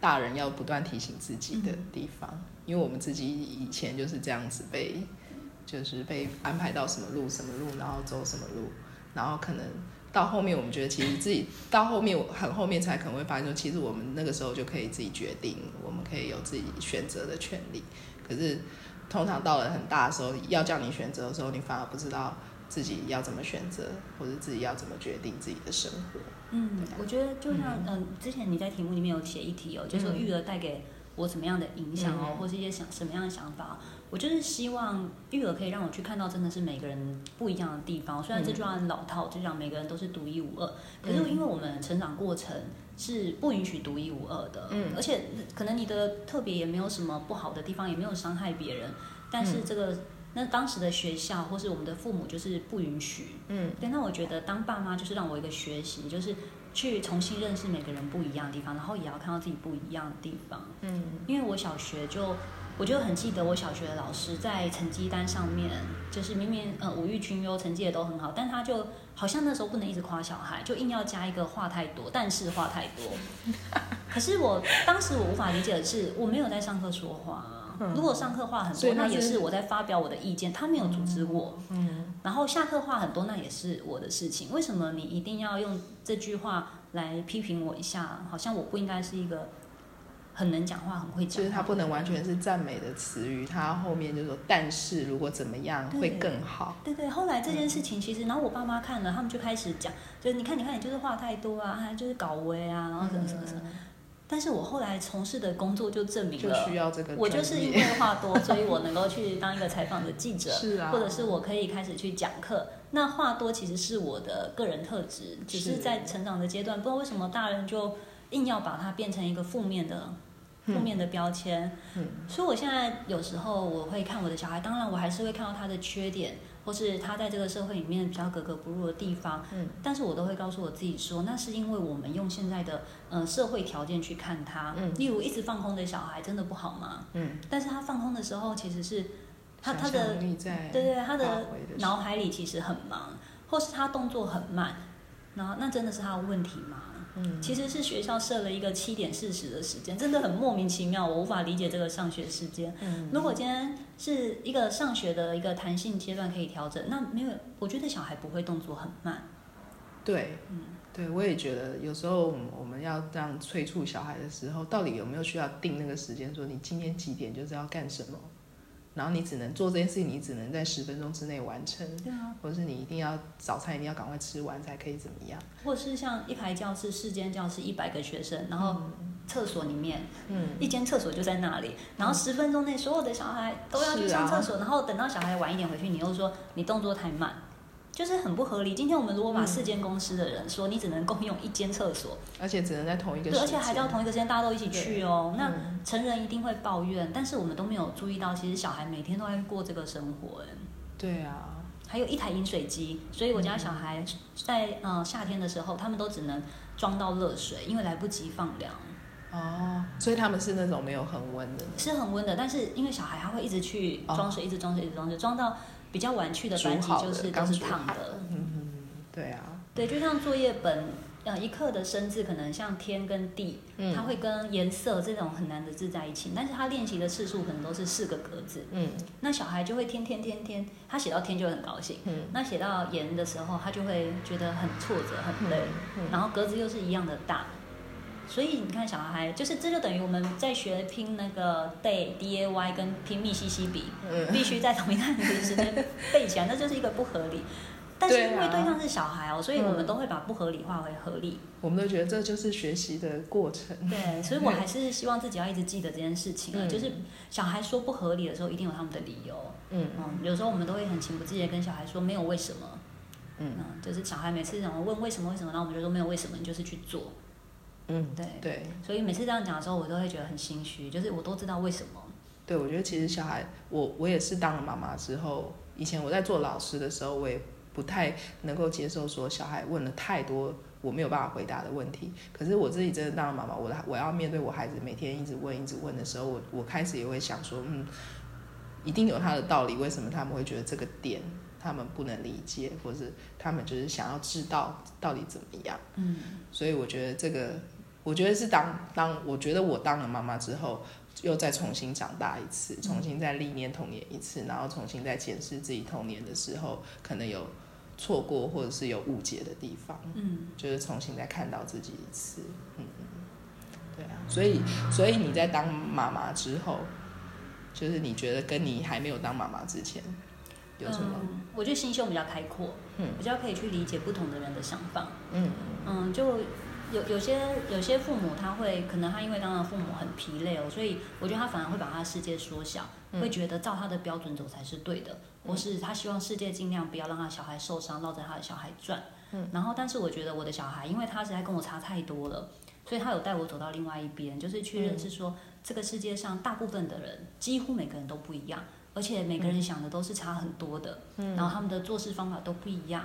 大人要不斷提醒自己的地方，嗯，因為我們自己以前就是這樣子被。就是被安排到什麼路什麼路，然後走什麼路，然後可能到後面，我們覺得其實自己到後面，我很後面才可能會發現說，其實我們那個時候就可以自己決定，我們可以有自己選擇的權利。可是通常到了很大的時候，要叫你選擇的時候，你反而不知道自己要怎麼選擇，或者自己要怎麼決定自己的生活。嗯，啊、我覺得就像嗯、呃，之前你在題目裡面有寫一題哦，就是說育兒帶給我什麼樣的影響哦，嗯、或是一些想什麼樣的想法。我就是希望育兒可以讓我去看到，真的是每個人不一樣的地方。雖然這句話很老套這，就、嗯、講每個人都是獨一無二，可是因為我們成長過程是不允許獨一無二的，嗯，而且可能你的特別也沒有什麼不好的地方，也沒有傷害別人，但是這個、嗯、那當時的學校或是我們的父母就是不允許，嗯，對。那我覺得當爸媽就是讓我一個學習，就是去重新認識每個人不一樣的地方，然後也要看到自己不一樣的地方，嗯，因為我小學就。我就很記得我小學的老師在成績單上面，就是明明呃五育均優，成績也都很好，但他就好像那時候不能一直誇小孩，就硬要加一個話太多，但是話太多。 可是我當時我無法理解的是，我沒有在上課說話、嗯、如果上課話很多、就是，那也是我在發表我的意見，他沒有阻止我、嗯。嗯。然後下課話很多，那也是我的事情，為什麼你一定要用這句話來批評我一下？好像我不應該是一個。很能講話，很會講，就是他不能完全是讚美的詞語，他後面就說，但是如果怎麼樣會更好。對對，後來這件事情其實、嗯，然後我爸媽看了，他們就開始講，就是你看你看你就是話太多啊，啊就是搞威啊，然後什麼什麼什麼、嗯嗯嗯。但是我後來從事的工作就證明了就需要這個，我就是因為話多，所以我能夠去當一個採訪的記者，是啊，或者是我可以開始去講課。那話多其實是我的個人特質，只、就是在成長的階段，不知道為什麼大人就硬要把它變成一個負面的。負面的標籤、嗯嗯，所以我現在有時候我會看我的小孩，當然我還是會看到他的缺點，或是他在這個社會裡面比較格格不入的地方。嗯，嗯，但是我都會告訴我自己說，那是因為我們用現在的呃社會條件去看他。嗯，例如一直放空的小孩真的不好嗎？嗯，但是他放空的時候其實是他，他的對對，他的腦海裡其實很忙，或是他動作很慢，然後那真的是他的問題嗎？嗯，其實是學校設了一個七點四十的時間，真的很莫名其妙，我無法理解這個上學時間。嗯，如果今天是一個上學的一個彈性階段，可以調整，那沒有，我覺得小孩不會動作很慢。對，嗯，對我也覺得，有時候我們要這樣催促小孩的時候，到底有沒有需要定那個時間，說你今天幾點就是要幹什麼？然後你只能做這件事情，你只能在十分鐘之內完成，啊、或者是你一定要早餐一定要趕快吃完才可以怎麼樣？或者是像一排教室，四間教室，一百個學生，然後廁所裡面，嗯，一間廁所就在那裡，嗯、然後十分鐘內所有的小孩都要去上廁所，啊，然後等到小孩晚一點回去，你又說你動作太慢。就是很不合理。今天我們如果把四間公司的人說，你只能共用一間廁所，嗯、而且只能在同一個時間對，而且還要同一個時間，大家都一起去哦。那成人一定會抱怨、嗯，但是我們都沒有注意到，其實小孩每天都在過這個生活。對啊、嗯，還有一台飲水機，所以我家小孩在嗯、呃、夏天的時候，他們都只能裝到熱水，因為來不及放涼。哦，所以他們是那種沒有恆溫的，是很溫的，但是因為小孩他會一直去裝水，哦，一直裝水，一直裝水，裝到比較晚去的班級就是都、就是燙的嗯。嗯，對啊。對，就像作業本，呃，一課的生字，可能像天跟地，他會跟顏色這種很難的字在一起，嗯，但是他練習的次數可能都是四個格子。嗯。那小孩就會天天天天，他寫到天就很高興，嗯，那寫到顏的時候，他就會覺得很挫折，很累，嗯嗯，然後格子又是一樣的大。所以你看，小孩就是這就等於我們在學拼那個 day d a y，跟拼密西西比、嗯，必須在同一段時間背起來， 那就是一個不合理。但是因為對象是小孩哦，所以我們都會把不合理化為合理。我們都覺得這就是學習的過程。對，所以我還是希望自己要一直記得這件事情啊，嗯、就是小孩說不合理的時候，一定有他們的理由。嗯嗯，嗯，有時候我們都會很情不自禁的跟小孩說沒有為什麼。嗯，嗯就是小孩每次想要問為什麼為什麼，然後我們就說沒有為什麼，你就是去做。嗯，對對，所以每次這樣講的時候，我都會覺得很心虛，嗯，就是我都知道為什麼。對，我覺得其實小孩，我我也是當了媽媽之後，以前我在做老師的時候，我也不太能夠接受說小孩問了太多我沒有辦法回答的問題。可是我自己真的當了媽媽，我的我要面對我孩子每天一直問一直問的時候，我我開始也會想說，嗯，一定有他的道理，為什麼他們會覺得這個點他們不能理解，或是他們就是想要知道到底怎麼樣？嗯，所以我覺得這個。我覺得是當當，我覺得我當了媽媽之後，又再重新長大一次，重新再歷練童年一次，然後重新再檢視自己童年的時候，可能有錯過或者是有誤解的地方，嗯，就是重新再看到自己一次，嗯，對啊。嗯，所以所以你在當媽媽之後，就是你覺得跟你還沒有當媽媽之前有什麼？嗯，我覺得心胸比較開闊，嗯，比較可以去理解不同的人的想法，嗯嗯，就。有有些有些父母他會可能他因為當然父母很疲累哦，所以我覺得他反而會把他的世界縮小，嗯、會覺得照他的標準走才是對的，嗯、或是他希望世界盡量不要讓他的小孩受傷，繞着他的小孩轉。嗯，然後但是我覺得我的小孩，因為他實在跟我差太多了，所以他有帶我走到另外一邊，就是去認識說，嗯、這個世界上大部分的人幾乎每個人都不一樣，而且每個人想的都是差很多的，嗯，然後他們的做事方法都不一樣。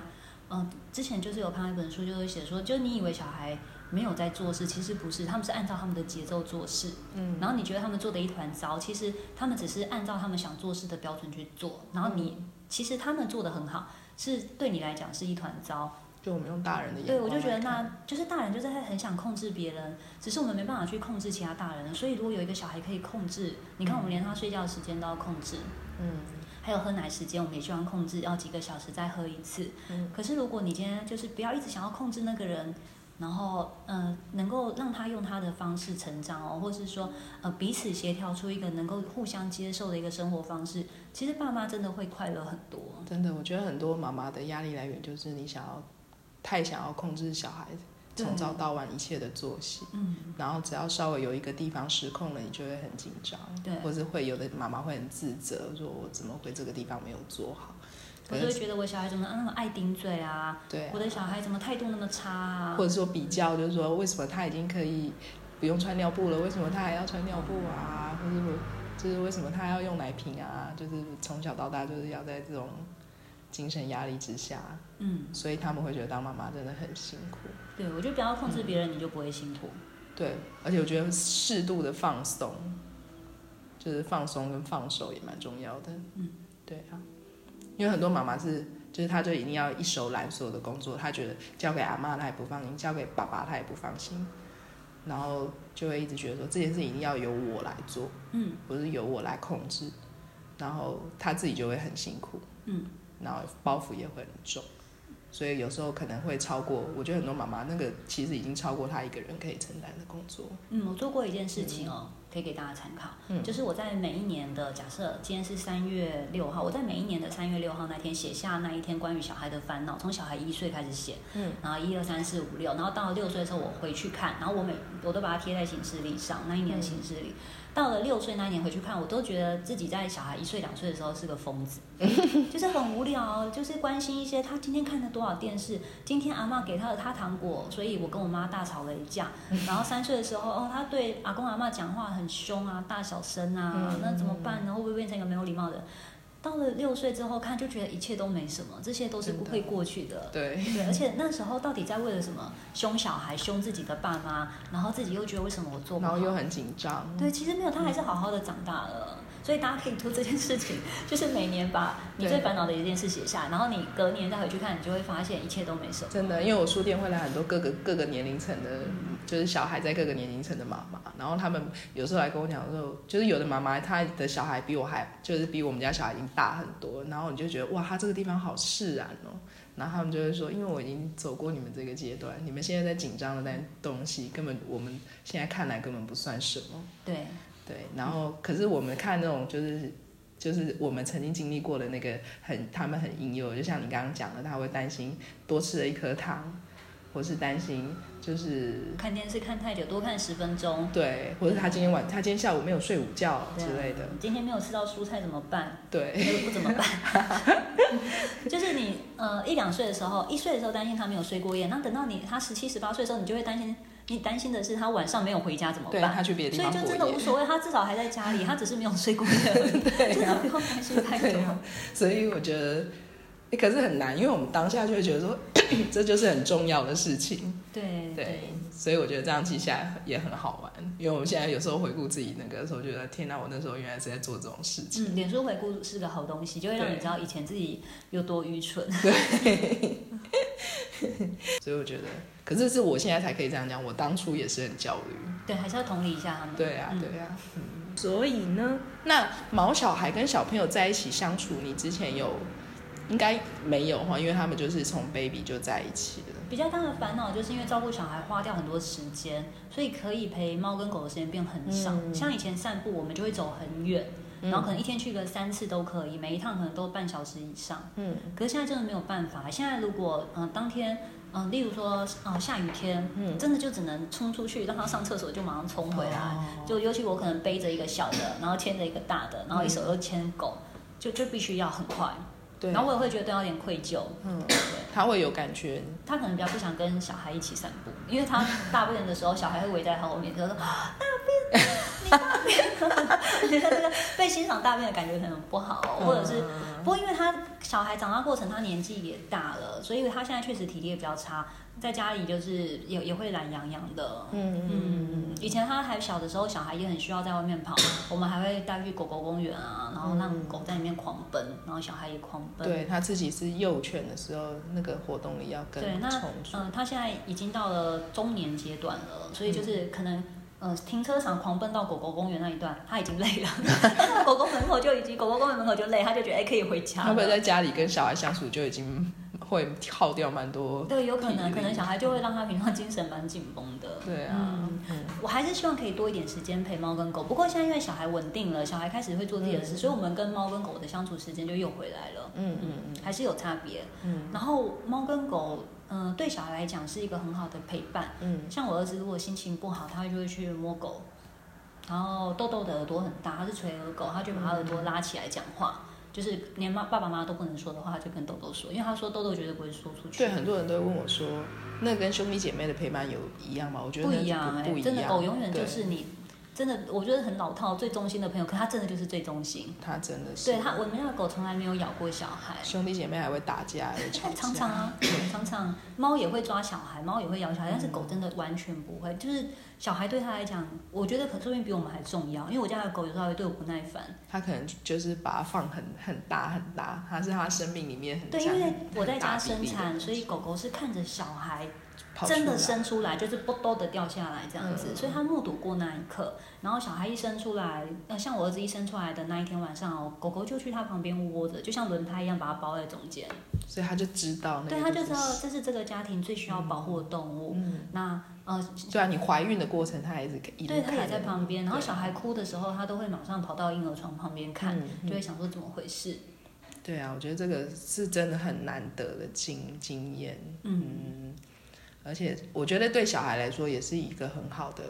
嗯，之前就是有看到一本書，就是寫說，就是你以為小孩沒有在做事，其實不是，他們是按照他們的節奏做事。嗯，然後你覺得他們做的一團糟，其實他們只是按照他們想做事的標準去做，然後你、嗯、其實他們做的很好，是對你來講是一團糟。就我們用大人的眼光，對我就覺得那就是大人就是他很想控制別人，只是我們沒辦法去控制其他大人。所以如果有一個小孩可以控制，你看我們連他睡覺的時間都要控制。嗯。嗯還有喝奶時間，我們也希望控制，要幾個小時再喝一次。嗯。可是如果你今天就是不要一直想要控制那個人，然後嗯，呃，能夠讓他用他的方式成長哦，或者是說呃彼此協調出一個能夠互相接受的一個生活方式，其實爸媽真的會快樂很多。真的，我覺得很多媽媽的壓力來源就是你想要太想要控制小孩子。從早到晚一切的作息，嗯，然後只要稍微有一個地方失控了，你就會很緊張，對，或者會有的媽媽會很自責，說我怎麼會這個地方沒有做好，我就覺得我小孩怎麼那麼愛頂嘴啊，對啊，我的小孩怎麼態度那麼差啊，或者說比較就是說為什麼他已經可以不用穿尿布了，為什麼他還要穿尿布啊，嗯，或者說就是為什麼他要用奶瓶啊，就是從小到大就是要在這種。精神壓力之下，嗯，所以他們會覺得當媽媽真的很辛苦。對，我覺得不要控制別人，嗯，你就不會辛苦。對，而且我覺得適度的放鬆，就是放鬆跟放手也蠻重要的。嗯，對啊，因為很多媽媽是，就是她就一定要一手攬所有的工作，她覺得交給阿媽她也不放心，交給爸爸她也不放心，然後就會一直覺得說這件事一定要由我來做，嗯，不是由我來控制，然後她自己就會很辛苦，嗯。然後包袱也會很重，所以有時候可能會超過。我覺得很多媽媽那個其實已經超過她一個人可以承擔的工作。嗯，我做過一件事情哦，嗯，可以給大家參考，嗯，就是我在每一年的假設今天是三月六號，我在每一年的三月六號那天寫下那一天關於小孩的煩惱，從小孩一歲開始寫，嗯，然後一二三四五六，然後到六歲的時候我回去看，然後我每我都把它貼在行事曆上，那一年的行事曆到了六歲那一年回去看，我都覺得自己在小孩一歲兩歲的時候是個瘋子，就是很無聊，就是關心一些他今天看了多少電視，今天阿嬤給他的他糖果，所以我跟我媽大吵了一架。然後三歲的時候，哦，他對阿公阿嬤講話很兇啊，大小聲啊，那怎麼辦呢？會不會變成一個沒有禮貌的人？到了六歲之後看，就覺得一切都沒什麼，這些都是不會過去的。真的，對。對，而且那時候到底在為了什麼？凶小孩，凶自己的爸媽，然後自己又覺得為什麼我做不到，然後又很緊張。對，其實沒有，他還是好好的長大了。所以大家可以做這件事情，就是每年把你最煩惱的一件事寫下，然後你隔年再回去看，你就會發現一切都沒什麼。真的，因為我書店會來很多各個各個年齡層的、嗯，就是小孩在各個年齡層的媽媽，然後他們有時候來跟我講說，就是有的媽媽她的小孩比我還，就是比我們家小孩已經大很多，然後你就覺得哇，她這個地方好釋然哦。然後他們就會說，因為我已經走過你們這個階段，你們現在在緊張的那些東西根本我們現在看來根本不算什麼。對。對，然後可是我們看那種就是，就是我們曾經經歷過的那個很，他們很應有，就像你剛剛講的，他會擔心多吃了一顆糖，或是擔心就是看電視看太久，多看十分鐘，對，或者他今天晚、嗯、他今天下午沒有睡午覺、啊、之類的，你今天沒有吃到蔬菜怎麼辦？對，不不怎麼辦？ 就是你呃一兩歲的時候，一歲的時候擔心他沒有睡過夜，那等到你他十七十八歲的時候，你就會擔心。你擔心的是他晚上沒有回家怎麼辦？他去別的地方，所以就真的無所謂。他至少還在家裡，嗯、他只是沒有睡過夜而已，真的不用擔心太多、啊。所以我覺得、欸，可是很難，因為我們當下就會覺得說，咳咳，這就是很重要的事情。對對，對，所以我覺得這樣記下來也很好玩，因為我們現在有時候回顧自己那個時候，覺得天哪，我那時候原來是在做這種事情。嗯、臉書回顧是個好東西，就會讓你知道以前自己有多愚蠢。對， 所以我覺得。可是這是我現在才可以這樣講，我當初也是很焦慮。對，還是要同理一下他們。對啊，對啊。嗯、所以呢，那毛小孩跟小朋友在一起相處，你之前有應該沒有哈？因為他們就是從 baby 就在一起了。比較大的煩惱就是因為照顧小孩花掉很多時間，所以可以陪貓跟狗的時間變很少。嗯、像以前散步，我們就會走很遠、嗯，然後可能一天去個三次都可以，每一趟可能都半小時以上。嗯。可是現在真的沒有辦法，現在如果嗯、呃、當天。嗯，例如說，啊、嗯，下雨天，嗯，真的就只能衝出去，讓他上廁所就馬上衝回來，哦、就尤其我可能背着一個小的，然後牽着一個大的，然後一手又牽狗，嗯、就就必須要很快。對，然後我也會覺得有點愧疚。嗯對，對，他會有感覺，他可能比較不想跟小孩一起散步，因為他大便的時候，小孩會圍在他後面，他說，大便。 哈哈哈哈哈！覺得被欣賞大便的感覺很不好，或者是不過，因為他小孩長大過程，他年紀也大了，所以他現在確實體力也比較差，在家裡就是也也會懶洋洋的。嗯嗯，以前他還小的時候，小孩也很需要在外面跑，嗯、我們還會帶去狗狗公園啊，然後讓狗在裡面狂奔，然後小孩也狂奔。對，他自己是幼犬的時候，那個活動也要更對，那嗯、呃，他現在已經到了中年階段了，所以就是可能、嗯。嗯、呃，停車場狂奔到狗狗公園那一段，他已經累了。 狗狗門口就已經，狗狗公園門，門口就累，他就覺得哎、欸，可以回家。他會在家裡跟小孩相處就已經會耗掉蠻多？對，有可能，可能小孩就會讓他平常精神蠻緊繃的。對、嗯、啊、嗯，我還是希望可以多一點時間陪貓跟狗。不過現在因為小孩穩定了，小孩開始會做自己的事、嗯，所以我們跟貓跟狗的相處時間就又回來了。嗯嗯嗯，還是有差別。嗯，然後貓跟狗。嗯，對小孩來講是一個很好的陪伴。嗯，像我兒子如果心情不好，他就會去摸狗。然後豆豆的耳朵很大，嗯、他是垂耳狗，他就把他耳朵拉起來講話，嗯、就是連媽爸爸媽媽都不能說的話，他就跟豆豆說，因為他說豆豆絕對不會說出去。對，很多人都會問我說、嗯，那跟兄弟姐妹的陪伴有一樣嗎？我覺得不，不一樣、欸，哎、欸，真的狗永遠就是你。真的，我覺得很老套。最忠心的朋友，可它真的就是最忠心。它真的是。對它，我們家的狗從來沒有咬過小孩。兄弟姐妹還會打架，還會吵架 常常啊，常常貓也會抓小孩，貓也會咬小孩、嗯，但是狗真的完全不會。就是小孩對他來講，我覺得可說明比我們還重要。因為我家的狗有時候會對我不耐煩。他可能就是把它放很很大很大，它是他生命裡面很大的。對，因為我在家生產，所以狗狗是看着小孩真的生出來，跑出來就是啵嘟的掉下來這樣子、嗯，所以他目睹過那一刻。然後小孩一生出來、呃，像我兒子一生出來的那一天晚上，狗狗就去他旁邊窩着，就像輪胎一樣把它包在中間。所以他就知道那、就是、對他就知道這是這個家庭最需要保護的動物。嗯，嗯那呃，雖然、啊、你懷孕的過程他還是可以，對他也在旁邊，然後小孩哭的時候他都會馬上跑到嬰兒床。旁邊看，就會想說怎麼回事。嗯、嗯。對啊，我覺得這個是真的很難得的經經驗。嗯。嗯，而且我覺得對小孩來說也是一個很好的，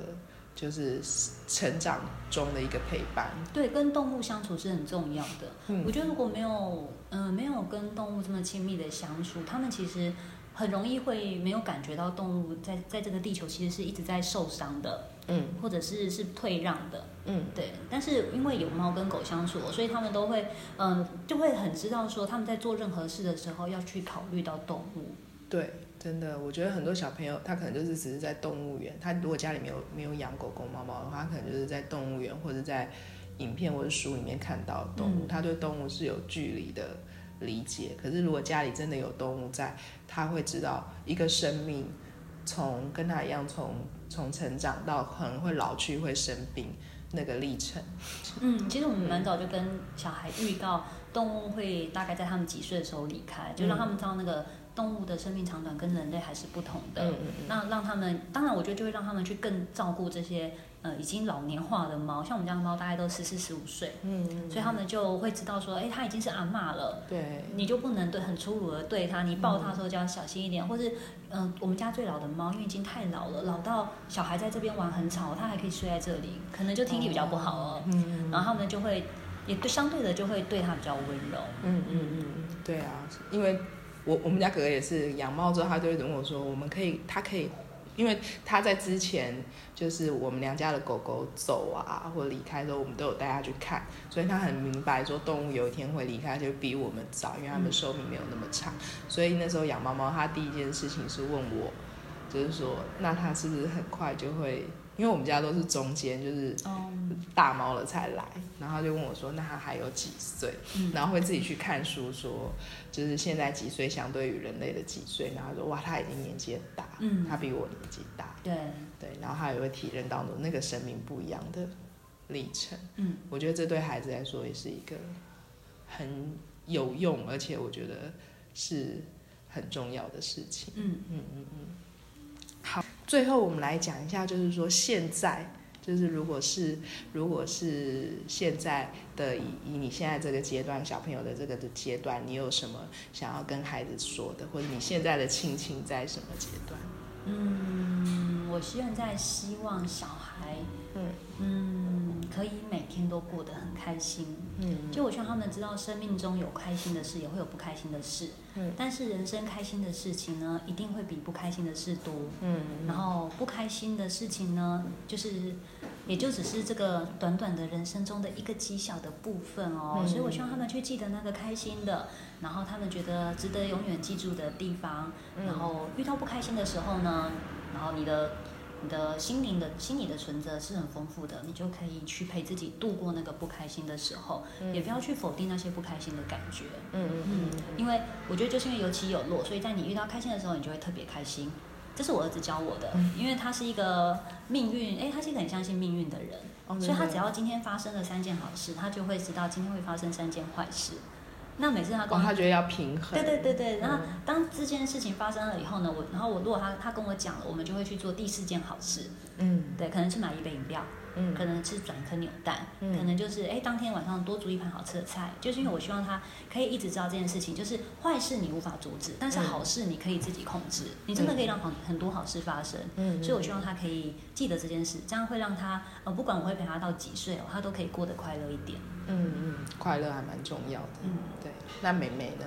就是成長中的一個陪伴。對，跟動物相處是很重要的。嗯。我覺得如果沒有，嗯、呃，沒有跟動物這麼親密的相處，他們其實很容易會沒有感覺到動物在在這個地球其實是一直在受傷的。嗯，或者是是退讓的，嗯，對，但是因為有貓跟狗相處，所以他們都會，嗯，就會很知道說他們在做任何事的時候要去考慮到動物。對，真的，我覺得很多小朋友他可能就是只是在動物園，他如果家裡沒有沒有養狗狗、貓貓的話，他可能就是在動物園或者在影片或者書裡面看到動物，嗯，他對動物是有距離的理解。可是如果家裡真的有動物在，他會知道一個生命從跟他一樣從。從成長到可能會老去、會生病那個歷程。嗯，其實我們蠻早就跟小孩預告，動物會大概在他們幾歲的時候離開，就讓他們知道那個動物的生命長短跟人類還是不同的。嗯，嗯，嗯，嗯。那讓他們，當然我覺得就會讓他們去更照顧這些。呃，已經老年化的貓，像我們家的貓大概都十四、十五歲，嗯，所以他們就會知道說，哎、欸，它已經是阿媽了，對，你就不能對很粗魯的對它，你抱它的時候就要小心一點，嗯、或是，嗯、呃，我們家最老的貓，因為已經太老了，老到小孩在這邊玩很吵，它還可以睡在這裡，可能就聽力比較不好哦，嗯、哦、嗯，然後他們就會也對相對的就會對它比較溫柔，嗯嗯嗯，對啊，因為我我們家哥哥也是養貓之後，他就會跟我說，我們可以他可以。因為他在之前就是我們娘家的狗狗走啊，或離開的時候，我們都有帶他去看，所以他很明白說動物有一天會離開，就比我們早，因為他們壽命沒有那麼長。所以那時候養貓貓，他第一件事情是問我，就是說那他是不是很快就會。因為我們家都是中間，就是大貓了才來，oh. 然後他就問我說：“那他還有幾歲？”嗯、然後會自己去看書說，說就是現在幾歲相對於人類的幾歲，然後說：“哇，他已經年紀很大，嗯、他比我年紀大。對”對對，然後他也會體認到那個生命不一樣的歷程。嗯，我覺得這對孩子來說也是一個很有用，而且我覺得是很重要的事情。嗯嗯嗯嗯，好。最後，我們來講一下，就是說現在，就是如果是如果是現在的以以你現在這個階段小朋友的這個的階段，你有什麼想要跟孩子說的，或者你現在的親親在什麼階段？嗯，我現在希望小孩。嗯嗯，可以每天都過得很開心。嗯，就我希望他們知道，生命中有開心的事，也會有不開心的事。嗯，但是人生開心的事情呢，一定會比不開心的事多。嗯，然後不開心的事情呢，就是也就只是這個短短的人生中的一個極小的部分哦。嗯，所以我希望他們去記得那個開心的，然後他們覺得值得永遠記住的地方。然後遇到不開心的時候呢，然後你的。你的心靈的、心理的存折，是很豐富的，你就可以去陪自己度過那個不開心的時候，嗯、也不要去否定那些不開心的感覺。嗯嗯嗯，嗯。因為我覺得，就是因為有起有落，所以在你遇到開心的時候，你就會特別開心。這是我兒子教我的，嗯、因為他是一個命運，哎、欸，他是一個很相信命運的人，Okay, 所以他只要今天發生了三件好事，他就會知道今天會發生三件壞事。那每次他跟我，哦，他覺得要平衡。對對對對，嗯。然後當這件事情發生了以後呢？我，然後我如果他他跟我講了，我們就會去做第四件好事。嗯，對，可能去買一杯飲料。嗯，可能是轉一顆扭蛋、嗯，可能就是哎、欸，當天晚上多煮一盤好吃的菜，就是因為我希望他可以一直知道這件事情。就是壞事你無法阻止，但是好事你可以自己控制，嗯、你真的可以讓好很多好事發生。嗯，所以我希望他可以記得這件事，這樣會讓他呃，不管我會陪他到幾歲，他都可以過得快樂一點。嗯嗯，快樂還蠻重要的。嗯，對。那妹妹呢？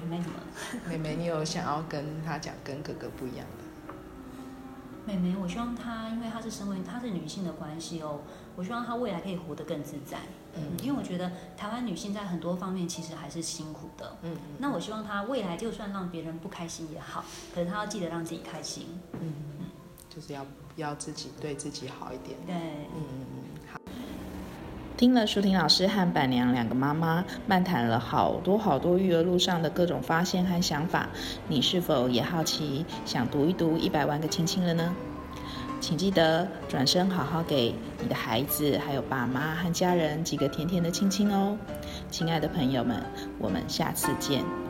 妹妹怎麼？ 妹妹你有想要跟他講跟哥哥不一樣？妹妹，我希望她，因為她是身為她是女性的關係哦，我希望她未來可以活得更自在。嗯，因為我覺得台灣女性在很多方面其實還是辛苦的。嗯，那我希望她未來就算讓別人不開心也好，可是她要記得讓自己開心。嗯嗯，就是要要自己對自己好一點。對，嗯嗯嗯。聽了淑婷老師和闆娘兩個媽媽漫談了好多好多育兒路上的各種發現和想法，你是否也好奇想讀一讀一百萬個親親了呢？請記得轉身好好給你的孩子，還有爸媽和家人幾個甜甜的親親哦，親愛的朋友們，我們下次見。